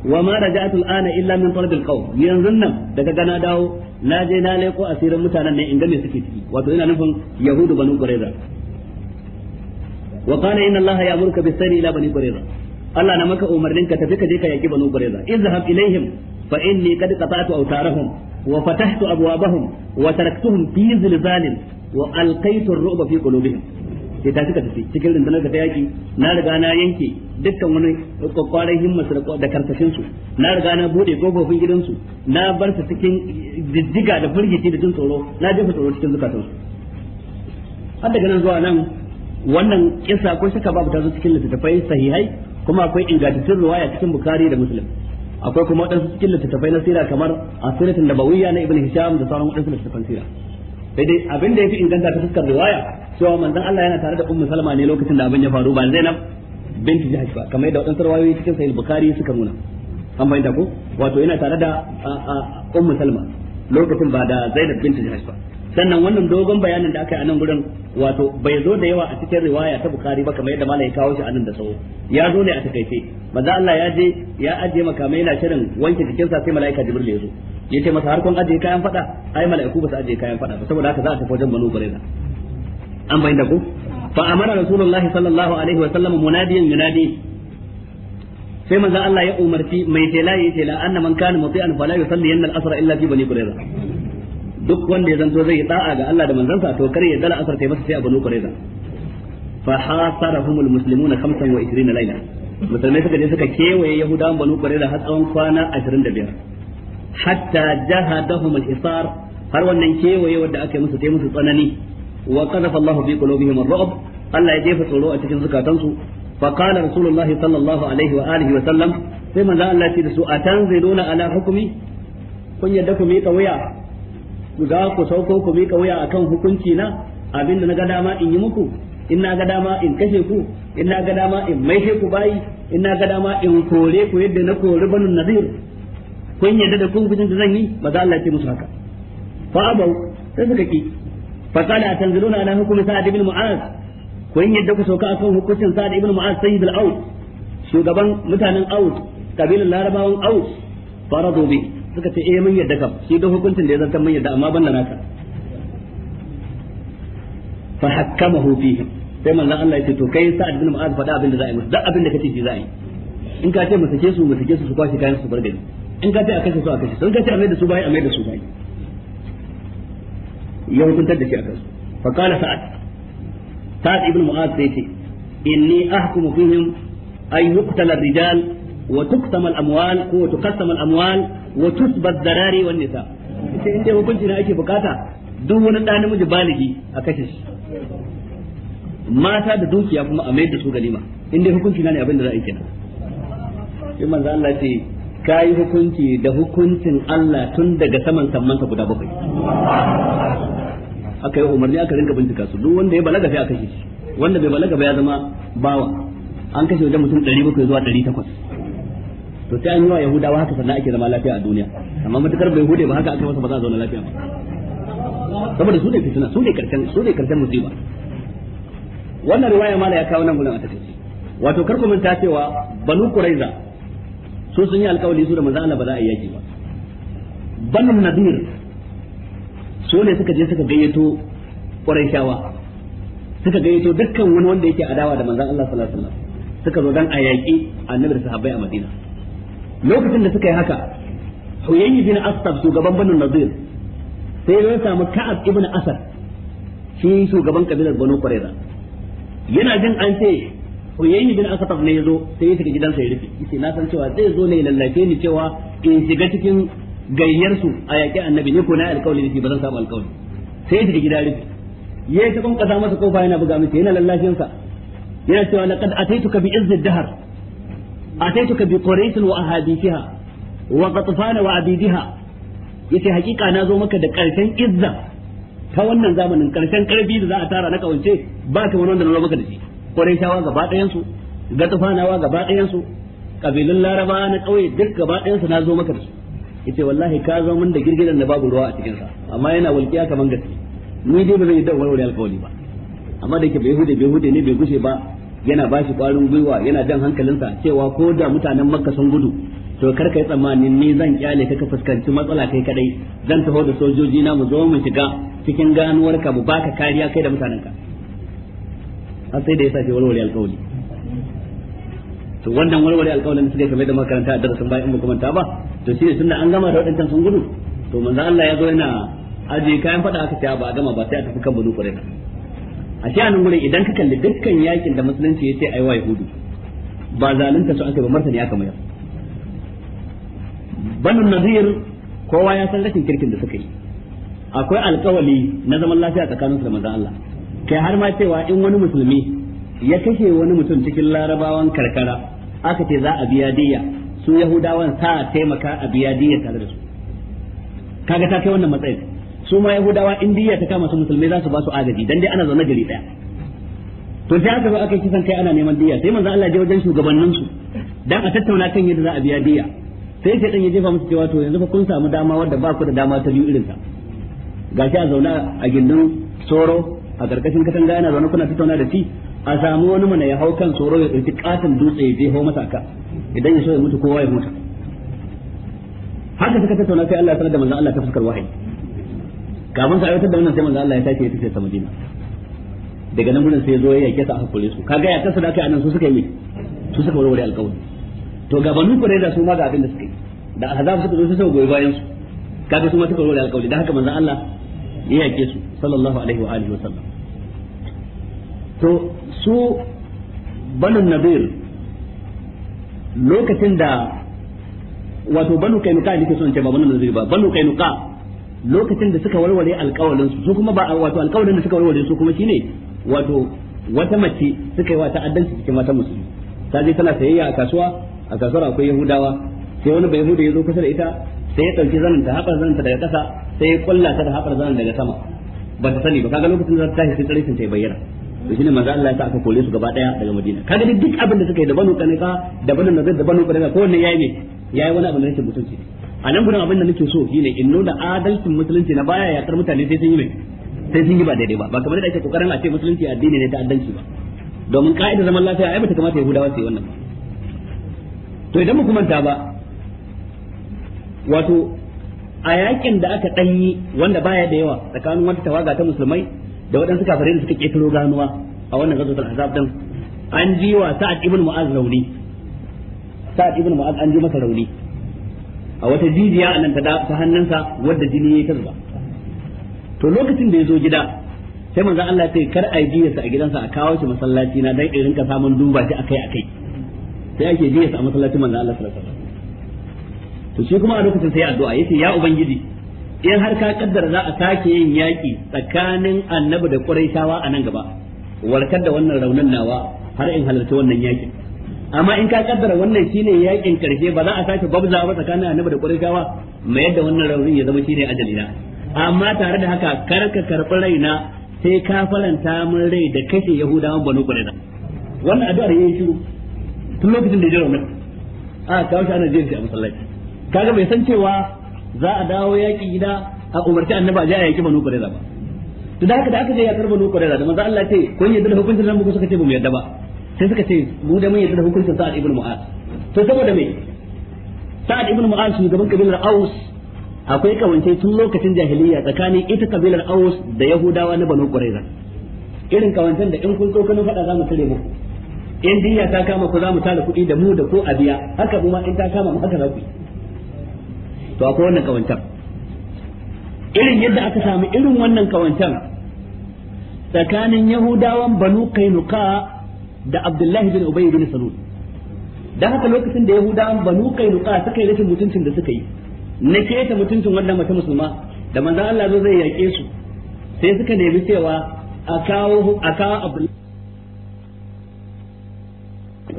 wa ma raja'atu ana illa min talabil qawm yanzu nan daga gana dawo na je na leko asirin mutanen ne in ga me suke ciki wato ina nufin yahudu banu qurayza wa qala inna allaha ya'muruka bis sari ila bani qurayza Allah na maka umarnin ka tafi ka je ka yaki banu qurayza izhab ilaihim fa inni qad qata'tu awtarahum wa fatahtu abwabahum wa taraktuhum fi zilzalin wa alqaytu ar-ru'ba fi qulubihim sai ta suka tafi cikin rundunar ta yaki na riga na yanke dukkan wani kwakwaran himmar da karkashin su na riga na bude kofofin gidansu na bar su cikin diddiga da firgici da jin tsoro na jefa tsoro cikin su har daga nan zuwa nan wannan kisa ko shaka babu ta zo cikin littattafai sahihai kuma akwai ingantattun riwaya cikin bukari da muslim akwai kuma waɗansu cikin littattafai na sira kamar a da bawiya na ibn hisham da sauran waɗansu littattafan sira sai dai abin da yafi inganta ta fuskar riwaya cewa manzon Allah yana tare da ummu salma ne lokacin da abin ya faru ba Zainab binti jahsh ba kamar yadda waɗansu riwayoyi cikin sahih bukhari suka nuna an bayyana ko wato yana tare da ummu salma lokacin ba da Zainab binti jahsh ba sannan wannan dogon bayanin da aka yi a nan gurin wato bai zo da yawa a cikin riwaya ta bukari ba kamar yadda malai kawo shi a nan da sau ya zo ne a takaice maza Allah ya je ya ajiye makamai yana shirin wanke jikinsa sai mala'ika jibril ya zo ya ce masa har kun ajiye kayan fada ai mala'iku ba su ajiye kayan fada ba saboda haka za a tafi wajen banu bareza an bayin da ku fa amara rasulullahi sallallahu alaihi wa sallam munadiyan yunadi sai manzo Allah ya umarci mai tela yi tela Annaman man mutai an fala yusalli yanal asra illa fi bani qurayza duk wanda ya zanto zai yi da'a ga Allah da manzansa to kare ya dala asar kai masa sai a banu qurayza fa hasarahum almuslimuna 25 laila musulmai suka je suka kewaye yahudawan banu qurayza har tsawon kwana 25 hatta jahadahum al-isar har wannan kewaye wanda aka yi musu tai musu tsanani wa qadafa Allahu fi qulubihim ar-ru'b Allah ya jefa tsoro a cikin zukatansu fa qala rasulullah sallallahu alaihi wa alihi wa sallam sai manzo Allah ya ce da su atanziluna ala hukmi kun yadda ku miƙa wuya za ku sauko ku mika wuya a kan hukunci na abinda na ga dama in yi muku in na ga dama in kashe ku in na ga dama in maishe ku bayi in na ga dama in kore ku yadda na kori banu nadir kun yadda da kun gudun da zan yi ba za Allah ya ce musu haka fa abau sai suka ki fa qala tanziluna ala hukmi sa'ad ibn mu'az kun yadda ku sauka akan hukuncin sa'ad ibn mu'az sayyid al-aus shugaban mutanen aus kabilan larabawan aus faradu bi suka ce eh mun yadda kam shi da hukuncin da ya zartar mun yadda amma naka fa hakkamahu fihim sai manzon Allah to kai sa'ad bin faɗa abin da yi musu duk abin da kace shi in ka ce su su su kwashi kayan su bar gari in ka ce a kashe su a kashe su in ka ce a mai da su bai a mai da su bai ya hukuntar da shi a kansu fa sa'ad sa'ad ibn sai ce inni ahkumu fihim ay yuqtala rijal wa tuqsam al amwal ko wa tuqassam al amwal wa tusbat darari wan nisa sai inda hukunci ne ake bukata duk wani da namiji baligi a kashe shi mata da dukiya kuma a mayar da su ganima inda hukunci na ne abin da za a yi kenan sai manzo Allah ce kai hukunci da hukuncin Allah tun daga saman samman sammansa guda bakwai aka yi umarni aka rinka bincika su duk wanda ya balaga sai a kashe shi wanda bai balaga ba ya zama bawa an kashe wajen mutum 700 zuwa 800 to sai an yi wa yahudawa haka sannan ake zama lafiya a duniya amma matukar bai hude ba haka aka masa ba za a zauna lafiya ba saboda su ne fitina su ne karshen su ne karshen musiba wannan riwaya mala ya kawo nan gudan a takaice wato kar ku manta cewa banu quraiza su sun yi alkawali su da manzo Allah ba za a yi yaki ba banu nadir su ne suka je suka gayyato quraishawa suka gayyato dukkan wani wanda yake adawa da maza Allah sallallahu alaihi wasallam suka zo dan a yaki annabi da sahabbai a Madina lokacin da suka yi haka huyayyi bin astab shugaban banu sai ya samu ka'ab ibn asad shi shugaban kabilar banu qurayza yana jin an ce huyayyi bin ne yazo sai ya shiga gidansa ya rufe yace na san cewa zai zo ne lallace ni cewa in shiga cikin gayyar su a yaƙi annabi ne ko na alƙawari ne ba zan samu alƙawari sai ya shiga rufe yayi ta kun kasa masa kofa yana buga masa yana lallashin sa yana cewa laqad ataituka bi izzid dahr أتيتك بقريش وأهاديثها وقطفان وعبيدها yace hakika na zo maka da karshen izza ta wannan zamanin karshen karfi da za a tara na kawance ba ta wani wanda na zo maka da shi quraishawa gaba ɗayan su gatafanawa gaba ɗayan su kabilun laraba na ƙauye duk gaba ɗayan su na zo maka da su yace wallahi ka zo min da girgidan da babu ruwa a cikin sa amma yana walƙiya kaman gaske ni dai ba zan yi da wani alƙawari ba amma da yake bai hude bai hude ne bai gushe ba yana bashi kwarin gwiwa yana jan hankalinsa cewa ko da mutanen makka sun gudu to kar yi tsammanin ni zan kyale ka ka fuskanci matsala kai kadai zan taho da sojoji na mu zo mu shiga cikin ganuwarka mu baka kariya kai da ka har sai da ya sace walwale alƙawari to wannan walwale alƙawarin suka kamar da makaranta a darasin bayan mu kuma ta ba to shi ne tunda an gama da waɗancan sun gudu to manzo Allah ya zo yana aje kayan fada aka ta ba a gama ba sai a tafi kan budu kureka a ce anan gure idan ka kalli dukkan yakin da musulunci ya ce ai wa yahudu ba zalunta su aka ba martani aka mayar banu nadir kowa ya san rashin kirkin da suka yi akwai alkawali na zaman lafiya tsakanin su da manzon Allah kai har ma cewa in wani musulmi ya kashe wani mutum cikin larabawan karkara aka ce za a biya diya su yahudawan sa taimaka a biya diya tare da su kaga ta kai wannan matsayin su ma yahudawa indiya ta kama su musulmai za su ba su agaji dan dai ana zaune gari daya to sai aka zo aka kisan kai ana neman diya sai manzo Allah ya wajen shugabannin su dan a tattauna kan yadda za a biya diya sai sai dan ya jefa musu cewa to yanzu fa kun samu dama wadda ba ku da dama ta biyu irin sa. gashi a zauna a gindin soro a karkashin katanga ana zaune kuna tattauna da shi a samu wani mana ya hau kan soro ya ɗauki katon dutse ya je hau masa ka idan ya so ya mutu kowa ya mutu haka suka tattauna sai Allah ya sanar da manzon Allah ta fuskar wahayi kamar sa aiwatar da wannan sai manzo Allah ya tashi ya tafi ta Madina daga nan gurin sai zo ya yake sa hakuri su kaga ya kasa da kai anan su suka yi su suka warware alƙawari to ga banu da su ma ga abin da suka yi da azab suka zo su suka goyi bayan su kaga su ma suka warware alƙawari dan haka manzo Allah ya yake su sallallahu alaihi wa alihi wa sallam to su banu nabir lokacin da wato banu Kainuka ke son ce ba banu nabir ba banu Kainuka lokacin da suka warware alƙawalin su kuma ba wato alƙawalin da suka warware su kuma shine wato wata mace suka yi wa ta'addanci cikin wata musulmi ta je tana sayayya a kasuwa a kasuwar akwai yahudawa sai wani bai yahuda ya zo kusa da ita sai ya ɗauki zanin ta haɓar zanin ta daga ƙasa sai ya ƙulla ta da haɓar zanin daga sama ba ta sani ba kaga lokacin da ta tashi sai tsarishin ta ya bayyana to shine manzo Allah ya sa aka kore su gaba daya daga Madina kaga duk abin da suka yi da banu kanika da banu nazar da banu kanika ko wannan yayi ne yayi wani abu da yake mutunci ne a nan gudun abin da nake so shine in nuna adalcin musulunci na baya yakar mutane sai sun yi mai sai sun yi ba daidai ba ba kamar da ake kokarin a ce musulunci addini ne ta addanci ba domin ka'ida zaman lafiya ai bata kamata yahudawa su yi wannan to idan mu ta ba wato a yakin da aka danyi wanda baya da yawa tsakanin wata tawaga ta musulmai da waɗansu kafare da suka ƙetaro ganuwa a wannan gazotar azab din an ji wa sa'ad ibn mu'az rauni sa'ad ibn mu'az an ji masa rauni a wata jijiya a nan ta hannunsa wadda jini ya yi ta zuba to lokacin da ya zo gida sai manzo Allah ce kar a jiya sa a gidansa a kawo shi masallaci na dan irin ka samun duba shi akai akai sai ake jiya sa a masallacin manzo Allah sallallahu alaihi wasallam to shi kuma a lokacin sai addu'a yace ya ubangiji in har ka kaddara za a sake yin yaki tsakanin annabi da quraishawa a nan gaba warkar da wannan raunin nawa har in halarta wannan yakin amma in ka kaddara wannan shine yakin karshe ba za a sake babza ba tsakanin annabi da qurayshawa mai yadda wannan raunin ya zama shine na. amma tare da haka kar ka karbi raina sai ka faranta mun rai da kashe yahudawan banu qurayza wannan addu'ar yayin shiru tun lokacin da ya jira mutum a ka wuce ana jin shi a masallaci kaga bai san cewa za a dawo yaƙi gida a umarci annaba a je a yaƙi banu qurayza ba to da haka da aka je ya karba banu qurayza da manzo Allah ce kun yadda da hukuncin nan muku suka ce ba mu yadda ba sai suka ce mu da mun yadda da hukuncin sa'ad ibn mu'az to saboda me sa'ad ibn mu'az shugaban kabilar aus akwai kawance tun lokacin jahiliya tsakanin ita kabilar aus da yahudawa na banu quraiza irin kawancen da in kun tsokanin fada za mu tare muku in dinya ta kama ku za mu tara kuɗi da mu da ko a biya haka kuma in ta kama mu haka za ku to akwai wannan kawancen irin yadda aka samu irin wannan kawancen tsakanin yahudawan banu kainuka da Abdullahi bin Ubay bin Salul dan haka lokacin da Yahudawan banu Qainuqa suka yi rashin mutuncin da suka yi na keta mutuncin wannan mace musulma da manzon Allah zo zai yake su sai suka nemi cewa a kawo a kawo Abdullahi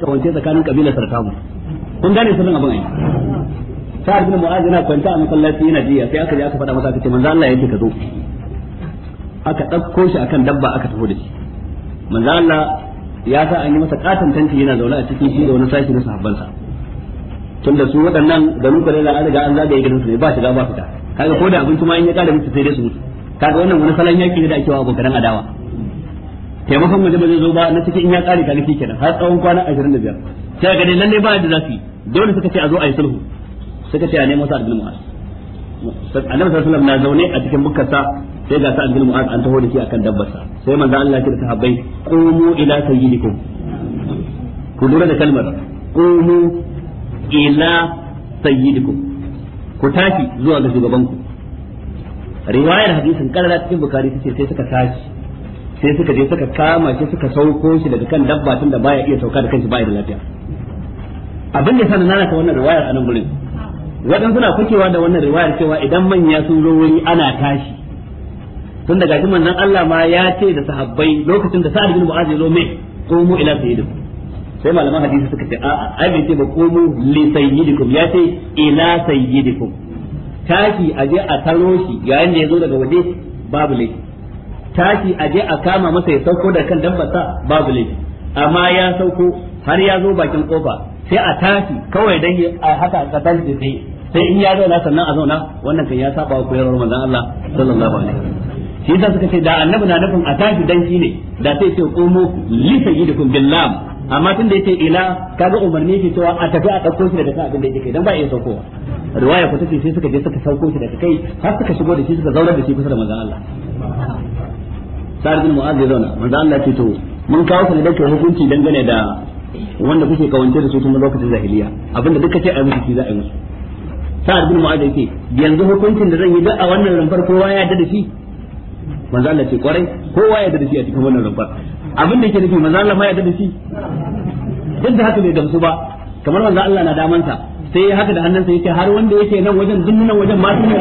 kawance tsakanin kabilar Sarkamu kun gane sirrin abin ai sai bin Mu'adh yana kwanta a masallaci yana jiya sai aka je aka faɗa masa cewa ce manzo Allah yake ka zo aka ɗauko shi akan dabba aka taho da shi manzo Allah ya sa an yi masa katon tanti yana zaune a cikin shi da wani sashi na sahabbansa tunda su waɗannan da nuka da an riga an zagaye gidan su ne ba shiga ba fita kaga ko da abinci ma in ya kada musu sai dai su mutu kaga wannan wani salon yaki ne da ake wa abokan adawa taimakon waje ba zai zo ba na cikin in ya kare ka nake kenan har tsawon kwana 25 sai ga dai lalle ba da zafi dole suka ce a zo a yi sulhu suka ce a nemo sa a mu'az annabi sallallahu alaihi na zaune a cikin bukkarsa sai ga sa an mu'az an taho da shi akan dabbarsa sai manzo Allah ya ce sahabbai qumu ila sayyidikum ku lura da kalmar qumu ila sayyidikum ku tashi zuwa ga shugabanku riwayar hadisin karara cikin bukari tace sai suka tashi sai suka je suka kama shi suka sauko shi daga kan dabba tun da baya iya sauka da kanshi baya da lafiya abin da sanin nana ta wannan riwayar anan gurin wadan suna fakewa da wannan riwayar cewa idan manya sun zo wuri ana tashi tun daga cikin manzon Allah ma ya ce da sahabbai lokacin da Sa'ad bin Mu'adh ya zo mai qumu ila sayyidikum sai malaman hadisi suka ce a'a ai bai ce ba qumu li sayyidikum ya ce ila sayyidikum tashi aje a taro shi yayin da ya zo daga waje babu laifi tashi aje a kama masa ya sauko da kan dabbarsa babu laifi amma ya sauko har ya zo bakin kofa sai a tashi kawai dan a haka ka tashi sai sai in ya zauna sannan a zauna wannan kan ya saba koyarwar manzon Allah sallallahu alaihi shi yasa suka ce da annabi na nufin a tashi dan shi ne da sai ce qumu li sayyidikum billah amma tun da yake ila kaga umarni ke cewa a tafi a dauko shi daga kan abin da yake dan ba ya saukowa riwaya ku take sai suka je suka sauko shi daga kai har suka shigo da shi suka zauna da shi kusa da manzon Allah sai bin mu'adh ya zauna manzon Allah ce to mun kawo ku ne dan hukunci dangane da wanda kuke kawance da su tun lokacin jahiliya abinda duka ce a musu shi za a yi musu sa'ad bin mu'adh yace yanzu hukuncin da zan yi da a wannan rumfar kowa ya yarda da shi manzo Allah ce kwarai kowa ya yarda da shi a cikin wannan rumfar abin da yake nufi manzo Allah ma ya yarda da shi duk da haka bai gamsu ba kamar manzo Allah na damansa sai haka da hannunsa yake har wanda yake nan wajen dunnan wajen ma sun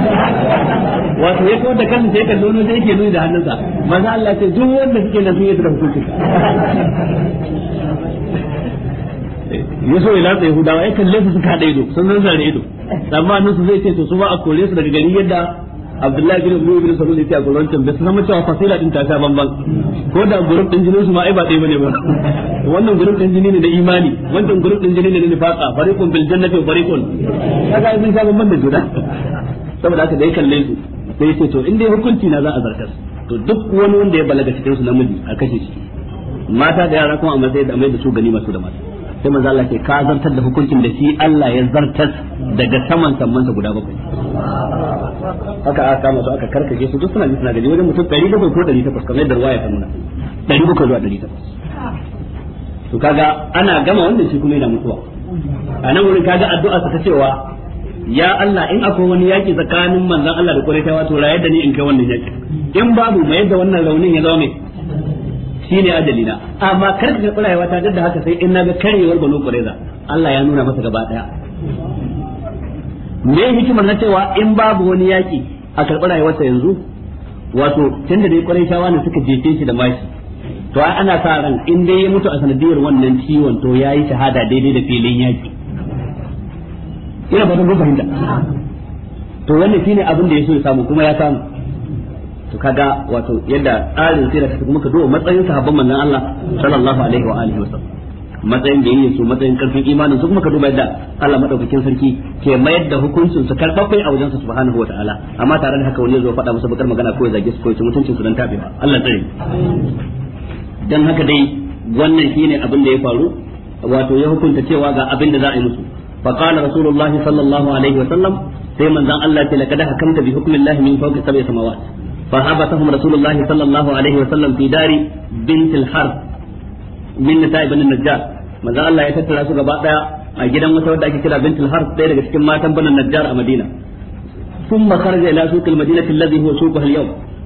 wato ya kawo da kansa ka zo sai yake nuni da hannunsa manzo Allah ce duk wanda suke nan sun yi da hukuncin ya so ya latsa yahudawa ya kalle su suka haɗa ido sun zan zare ido amma nan su zai ce to su ba a kore su daga gari yadda Abdullahi bin Ubay bin ya ce a gurancin da sun zama cewa fasila din ta sha bamban ko da gurin din jini su ma ai ba ɗaya bane ba wannan gurin din jini ne da imani wannan gurin din jini ne da nifaqa farikun bil jannati wa farikun kaga ai sun sha bamban da juna saboda haka dai kalle su sai ce to in dai hukunci na za a zartar to duk wani wanda ya balaga cikin su namiji a kashe shi mata da yara kuma a matsayin da mai da su gani masu da mata sai manzo Allah ke ka zartar da hukuncin da shi Allah ya zartar daga saman sammansa guda bakwai haka aka kama su aka karkaje su duk suna jin suna gani wajen mutum 700 ko 800 kamar da ruwaya ta nuna 700 zuwa 800 to kaga ana gama wannan shi kuma yana mutuwa a nan wurin kaga addu'a ta cewa ya Allah in akwai wani yaki tsakanin manzon Allah da Quraishawa to rayar da ni in kai wannan yaki in babu mai yadda wannan raunin ya zama mai shine ajali na amma kar ka karɓi ta da haka sai in na ga karyewar banu kureza Allah ya nuna masa gaba daya me hikimar na cewa in babu wani yaki a karɓi rayuwarsa yanzu wato tunda dai shawa ne suka jefe shi da mashi to ai ana sa ran in dai ya mutu a sanadiyar wannan ciwon to yayi shahada daidai da filin yaki ina fatan gaba fahimta to wannan shine abin da so ya samu kuma ya samu to kaga wato yadda tsarin sai da ta kuma ka duba matsayin sahabban manzon Allah sallallahu alaihi wa alihi wasallam matsayin da yake su matsayin karfin imanin su kuma ka duba yadda Allah madaukakin sarki ke mayar da hukuncin su karfafe a wajen sa subhanahu wa ta'ala amma tare da haka wani zo faɗa musu bakar magana ko ya zage su ko ya ci mutuncin su dan tabewa Allah tsare dan haka dai wannan shine abin da ya faru wato ya hukunta cewa ga abin da za a yi musu فقال رسول الله صلى الله عليه وسلم سيما ذا الله لقد حكمت بحكم الله من فوق سبع سماوات فحبسهم رسول الله صلى الله عليه وسلم في دار بنت الحرب من نساء بن النجار ya tattara su gaba a gidan wata wadda ake kira bintul harf daya daga cikin matan banan najjar a Madina thumma kharaja ila suq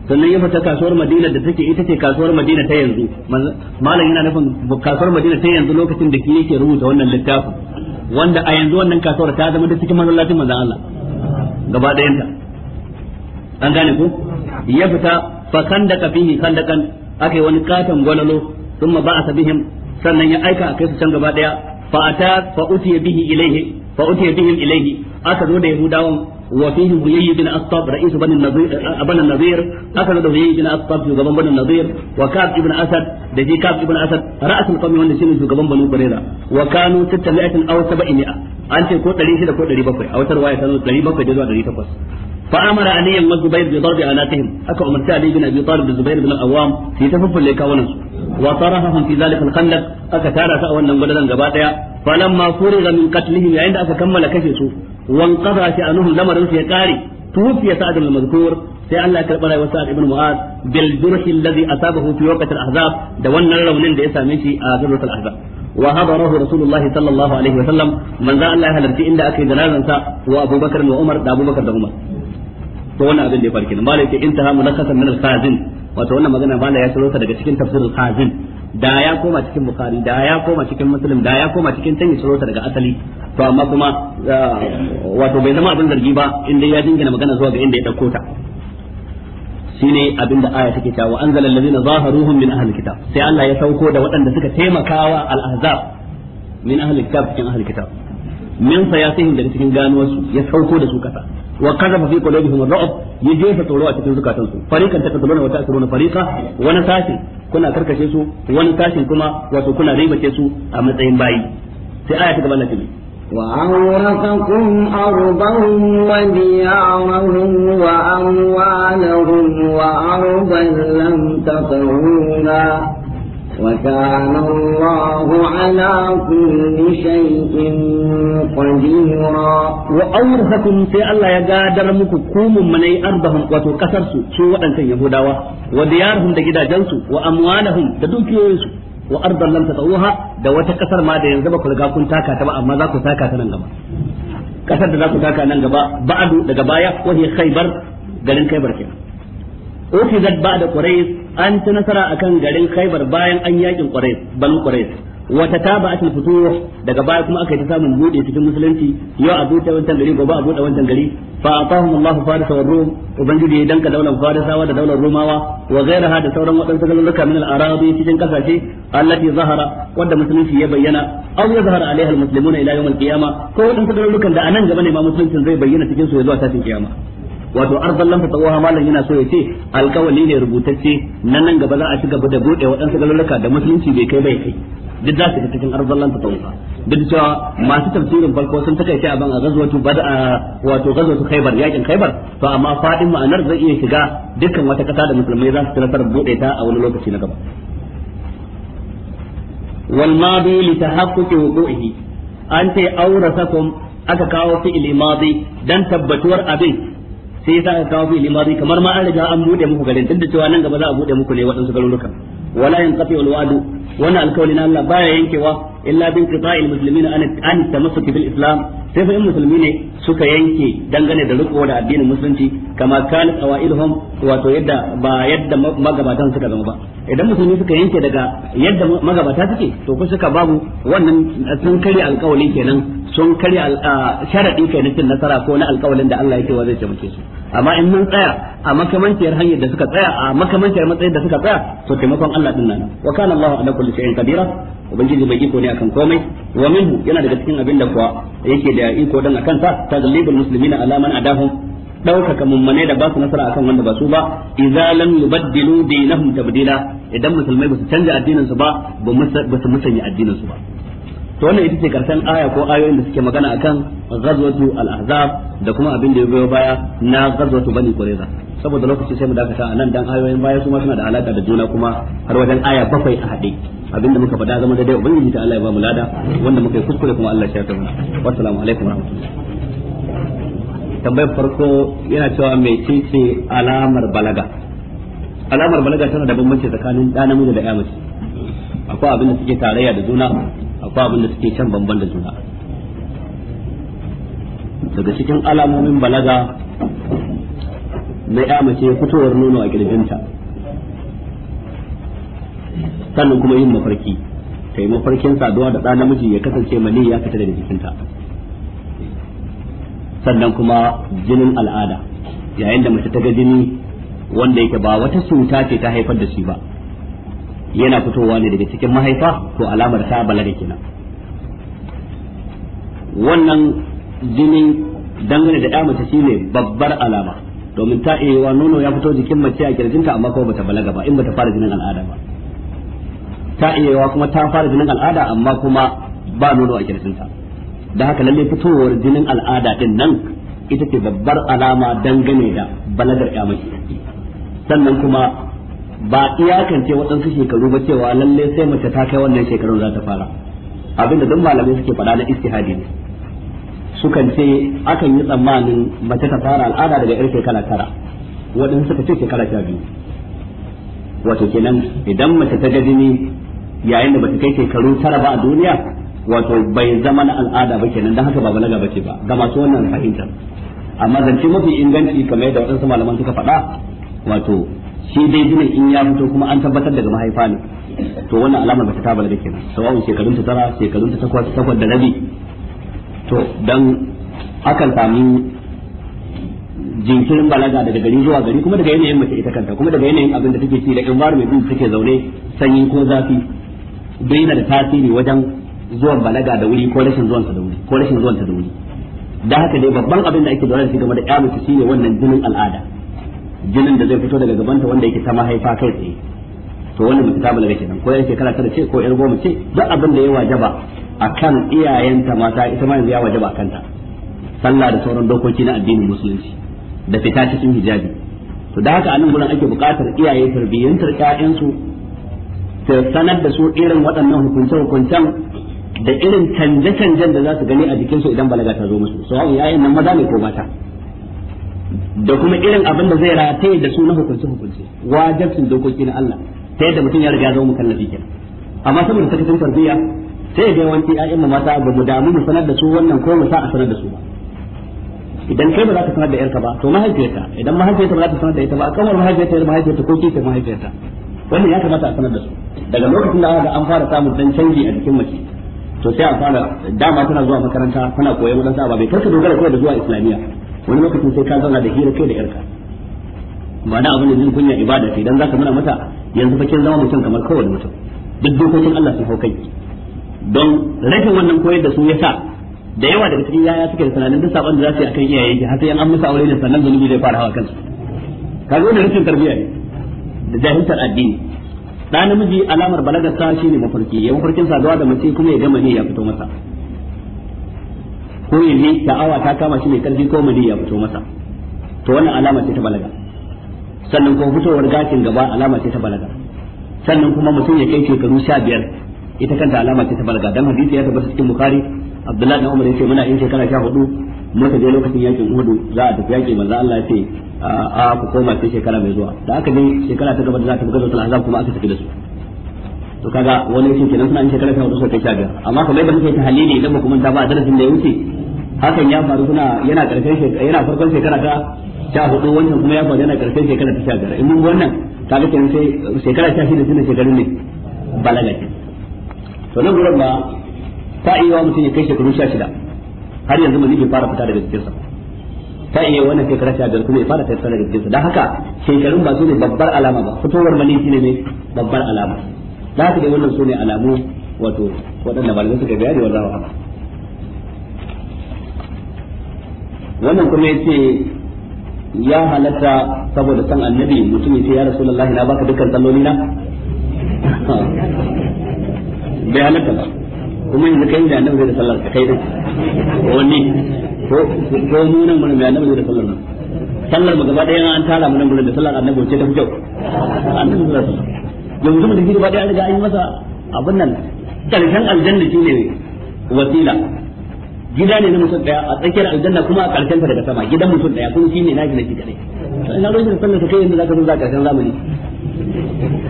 sannan ya fita kasuwar Madina da take ita ce kasuwar Madina ta yanzu malam yana nufin kasuwar Madina ta yanzu lokacin da yake rubuta wannan littafin wanda a yanzu wannan kasuwar ta zama da cikin masallacin Allah gaba an gane ko ya fita fa kan kan da kan akai wani katon gwalalo thumma ba'atha bihim sannan ya aika akai su can gaba daya fa ata fa utiya bihi ilaihi fa utiya bihim ilaihi aka zo da yahudawan wa fihi huyayy bin astab ra'is bani nazir abana nazir aka zo da huyayy bin astab shugaban bani nazir wa kab ibn asad da ji kab ibn asad ra'asul qawmi wanda shine shugaban banu qurayza wa kanu tattabi'atin aw sab'ina an ce ko 600 ko 700 a wutar waya ta zo 700 zuwa 800 فامر علي بن الزبير بضرب اناتهم اكو امرت علي بن ابي طالب الزبير بن العوام في تففل لك ونس وطرحهم في ذلك الخندق اكا تارا سا wannan gudanan gaba daya falamma furiga min qatlihim yayin da aka kammala kashe su wan a sha'anuhum lamarin su ya kare tufiya sa'ad bin sai Allah ya karɓa rayuwar sa'ad ibn mu'az bil jurhi alladhi asabahu fi waqt al-ahzab da wannan raunin da ya same shi a zurrat al-ahzab wa hadarahu rasulullahi sallallahu alaihi wa sallam manzo Allah ya halarci inda aka yi janazansa wa Abu Bakar da Umar da Abu Bakar da Umar to wannan abin da ya faru kenan malai ce intaha mulakhasan min al-khazin wato wannan magana malai ya tsoro daga cikin tafsir al da ya koma cikin bukhari da ya koma cikin muslim da ya koma cikin tanyi tsoro daga asali to amma kuma wato bai zama abin zargi ba inda ya dingina magana zuwa ga inda ya dauko ta shine abin da aya take cewa anzala allazina zaharuhum min ahli kitab sai Allah ya sauko da waɗanda suka taimakawa al-ahzab min ahli kitab cikin ahli kitab min sayasihim daga cikin ganuwarsu ya sauko da su kasa wa kazafa fi qulubihim ar-ru'b ya jefa tsoro a cikin zukatansu fariqan taqtuluna wa ta'siruna fariqa wani sashin kuna karkashe su wani sashin kuma wato kuna ribace su a matsayin bayi sai aya ta gaban nan وأورثكم أرضهم وديارهم وأموالهم وأرضا لم تطعونا وكان الله على كل شيء قدير وأورثكم في الله يقادر مكوكوم من أي أرضهم وتكسرسوا شو أنت يهوداوا وديارهم دقيدا جنسوا وأموالهم دوكيوينسوا وأرضا لم تطعوها da wata kasar ma da yanzu ba ku riga kun taka ta ba amma za ku taka ta nan gaba kasar da za ku taka nan gaba ba'adu daga baya khaybar garin khaybar kenan ukhizat ba'da quraish an ta nasara akan garin khaybar bayan an yakin quraish ban quraish wa tatabaat al-futuh daga baya kuma aka yi samun buɗe cikin musulunci yau a buɗe wancan gari gobe a buɗe wancan gari fa atahum Allah farisa wa rum da daular rumawa wa ghayraha sauran waɗansu garuruka min al cikin kasashe allati zahara wanda musulunci ya bayyana aw yazhara alaiha al-muslimuna ko zai bayyana su kiyama wato arzan lamfa tsawoha malam yana so ya ce alkawali ne rubutacce nan nan gaba za a ci gaba da bude waɗansu galuluka da musulunci bai kai bai kai duk za su cikin arzan lamfa tsawoha duk cewa masu tafsirin farko sun takaice a ban a gazwatu bada wato gazwatu khaibar yakin khaibar to amma fadin ma'anar zai iya shiga dukkan wata ƙasa da musulmai za su ci nasarar buɗe ta a wani lokaci na gaba wal madi li tahaqquqi wuqu'ihi an ta auratakum aka kawo fi'il madi dan tabbatuwar abin sai yasa aka kawo fi'il madi kamar ma an riga an bude muku garin tunda cewa nan gaba za a bude muku ne waɗansu garurukan wala yanqati alwa'du wannan alkawli na Allah baya yankewa illa bin qita'il muslimin an an tamassuk bil islam sai fa in musulmi ne suka yanke dangane da riko da addinin musulunci kama kanat awailuhum wato yadda ba yadda magabatan suka zama ba idan musulmi suka yanke daga yadda magabata suke to ko suka babu wannan sun kare alkawali kenan sun karya sharaɗi kai na cin nasara ko na alkawalin da Allah yake wa zai muke su amma in mun tsaya a makamantiyar hanyar da suka tsaya a makamantiyar matsayin da suka tsaya to taimakon Allah din nan wa kana Allahu ala kulli shay'in qadira ubangiji bai iko ne akan komai wa minhu yana daga cikin abin da kuwa yake da iko dan akan sa taglibul muslimina ala man adahum ɗaukaka mummane da ba su nasara akan wanda ba su ba idza lam yubaddilu dinahum tabdila idan musulmai ba su canja addinin su ba ba su musanya addinin su ba to wannan ita ce karshen aya ko ayoyin da suke magana akan ghazwatu al-ahzab da kuma abin da ya goyo baya na ghazwatu bani qurayza saboda lokaci sai mu dakata a nan dan ayoyin baya su ma suna da alaka da juna kuma har wajen aya bakwai a hade abinda muka faɗa zama daidai ubangiji ta Allah ya ba mu lada wanda muka yi kuskure kuma Allah ya tsare mu assalamu alaikum warahmatullahi tambayar farko yana cewa mai ce alamar balaga alamar balaga tana da bambanci tsakanin da namiji da ya mace akwai abin da suke tarayya da juna akwai abin da suke can bamban da juna daga cikin alamomin balaga na mace fitowar nono a girbinta sannan kuma yin mafarki ta yi mafarkin saduwa da ɗa namiji ya kasance mani ya fita daga jikinta sannan kuma jinin al'ada yayin da mace ta ga jini wanda yake ba wata cuta ce ta haifar da shi ba yana fitowa ne daga cikin mahaifa to alamar ta balaga kenan wannan jini dangane da ɗa mace shi ne babbar alama domin ta iya nono ya fito jikin mace a kirjinta amma kuma bata balaga ba in bata fara jinin al'ada ba ta iya kuma ta fara jinin al'ada amma kuma ba nono a kirjinta da haka lalle fitowar jinin al'ada din nan ita ce babbar alama dangane da balagar ya mace sannan kuma ba ce waɗansu shekaru ba cewa lalle sai mace ta kai wannan shekarun za ta fara abinda duk malamai suke faɗa na istihadi ne sukan ce akan yi tsammanin mace ta fara al'ada daga yar shekara tara waɗansu suka ce shekara sha biyu wato kenan idan mace ta ga jini yayin da bata kai shekaru tara ba a duniya wato bai zama na al'ada ba kenan don haka ba balaga bace ba ga masu wannan fahimtar amma zance mafi inganci kamar yadda waɗansu malaman suka faɗa wato shi dai gina in ya fito kuma an tabbatar daga mahaifa ne to wannan alamar ba ta tabala da kenan sawawun shekarun ta tara shekarun ta takwas takwas da rabi to dan akan sami jinkirin balaga daga gari zuwa gari kuma daga yanayin mace ita kanta kuma daga yanayin abin da take ci da mai din take zaune sanyi ko zafi duk da tasiri wajen zuwan balaga da wuri ko rashin zuwan da wuri ko rashin zuwan ta da wuri dan haka dai babban abin da ake dora da shi game da ƴa mace shine wannan jinin al'ada jinin da zai fito daga gabanta wanda yake ta mahaifa kai tsaye to wani mutum ta balaga kenan ko yan shekara tara ce ko yan goma ce duk abin da ya wajaba akan iyayenta mata ita ma yanzu ya wajaba kanta sallah da sauran dokoki na addinin musulunci da fita cikin hijabi to da haka anan gurin ake buƙatar iyaye tarbiyyantar ƴaƴansu ta sanar da su irin waɗannan hukunce-hukuncen da irin canje-canjen da za su gani a jikinsu idan balaga ta zo musu sawa'un yayan nan maza ne ko mata da kuma irin abin da zai rataye da su na hukunce hukunce wajibcin dokoki na Allah ta yadda mutum ya riga zama mukallafi kenan amma saboda sakacin tarbiyya sai ga yawanci ƴaƴan mata ba mu damu mu sanar da su wannan ko mu sa a sanar da su ba idan kai ba za ka sanar da yarka ba to mahaifiyarta idan mahaifiyarta ba za ta sanar da ita ba kamar mahaifiyarta yar mahaifiyarta ko kike mahaifiyarta wannan ya kamata a sanar da su daga lokacin da aka ga an fara samun dan canji a jikin mace to sai a fara dama tana zuwa makaranta tana koyon wadansu ababai kar ka dogara kawai da zuwa islamiyya wani lokacin sai ka zauna da hira kai da yarka ba na abin da zai kunya ibada ce dan zaka muna mata yanzu fa kin zama mutum kamar kowane mutum duk dokokin Allah sun haukai don rashin wannan koyar da su yasa da yawa daga cikin yaya suke da tunanin duk sabon da za su yi akan iyaye ki har sai an amsa aure ne sannan zunubi zai fara hawa kansu kaga wannan rashin tarbiyya ne da jahiltar addini da namiji alamar balagar sa shine mafarki ya mafarkin zuwa da mace kuma ya gama ne ya fito masa ko yayi sha'awa ta kama shi mai karfi ko mai ya fito masa to wannan alama ce ta balaga sannan kuma fitowar gashin gaba alama ce ta balaga sannan kuma mutum ya kai shekaru sha biyar ita kanta alama ce ta balaga dan hadisi ya tabbata cikin bukhari abdullahi dan umar yace muna yin shekara sha hudu muka je lokacin yakin uhudu za a tafi yaki manzo Allah ya ce a ku koma sai shekara mai zuwa da aka je shekara ta gaba da za ta buga zuwa azab kuma aka tafi da su to kaga wani yake kenan suna yin shekara ta hudu sai sha biyar amma kamar yadda muke ta halili idan ba kuma ta ba darasin da ya wuce hakan ya faru suna yana karshen shekara yana farkon shekara ta sha hudu wannan kuma ya faru yana karshen shekara ta sha biyar in mun wannan ga kenan sai shekara sha shida tunda shekarun ne balaga to nan gurin ba ta iya wa mutum ya kai shekaru sha shida har yanzu mun yake fara fita daga jikinsa ta iya wannan shekara sha biyar kuma ya fara fita daga jikinsa dan haka shekarun ba su ne babbar alama ba fitowar mani shi ne babbar alama da haka dai wannan su ne alamu wato waɗanda malamai suka bayani wallahu a'lam wannan kuma yace ya halatta saboda san annabi mutum yace ya rasulullahi na baka dukkan salloli na bai halatta ba kuma yanzu kai da annabi da sallar ka kai din wani ko ko mu nan mun da annabi da sallar nan sallar mu gaba daya an tara mu nan gurin da sallar annabi ce ta fi kyau annabi da sallar yanzu mu da gaba daya an riga an yi masa abin nan karshen aljanna shine wasila gida ne na mutum daya a tsakiyar aljanna kuma a karshen daga sama gidan mutum daya kuma shine naji na kadai to ina ruwan sallar kai inda zaka zo za karshen zamani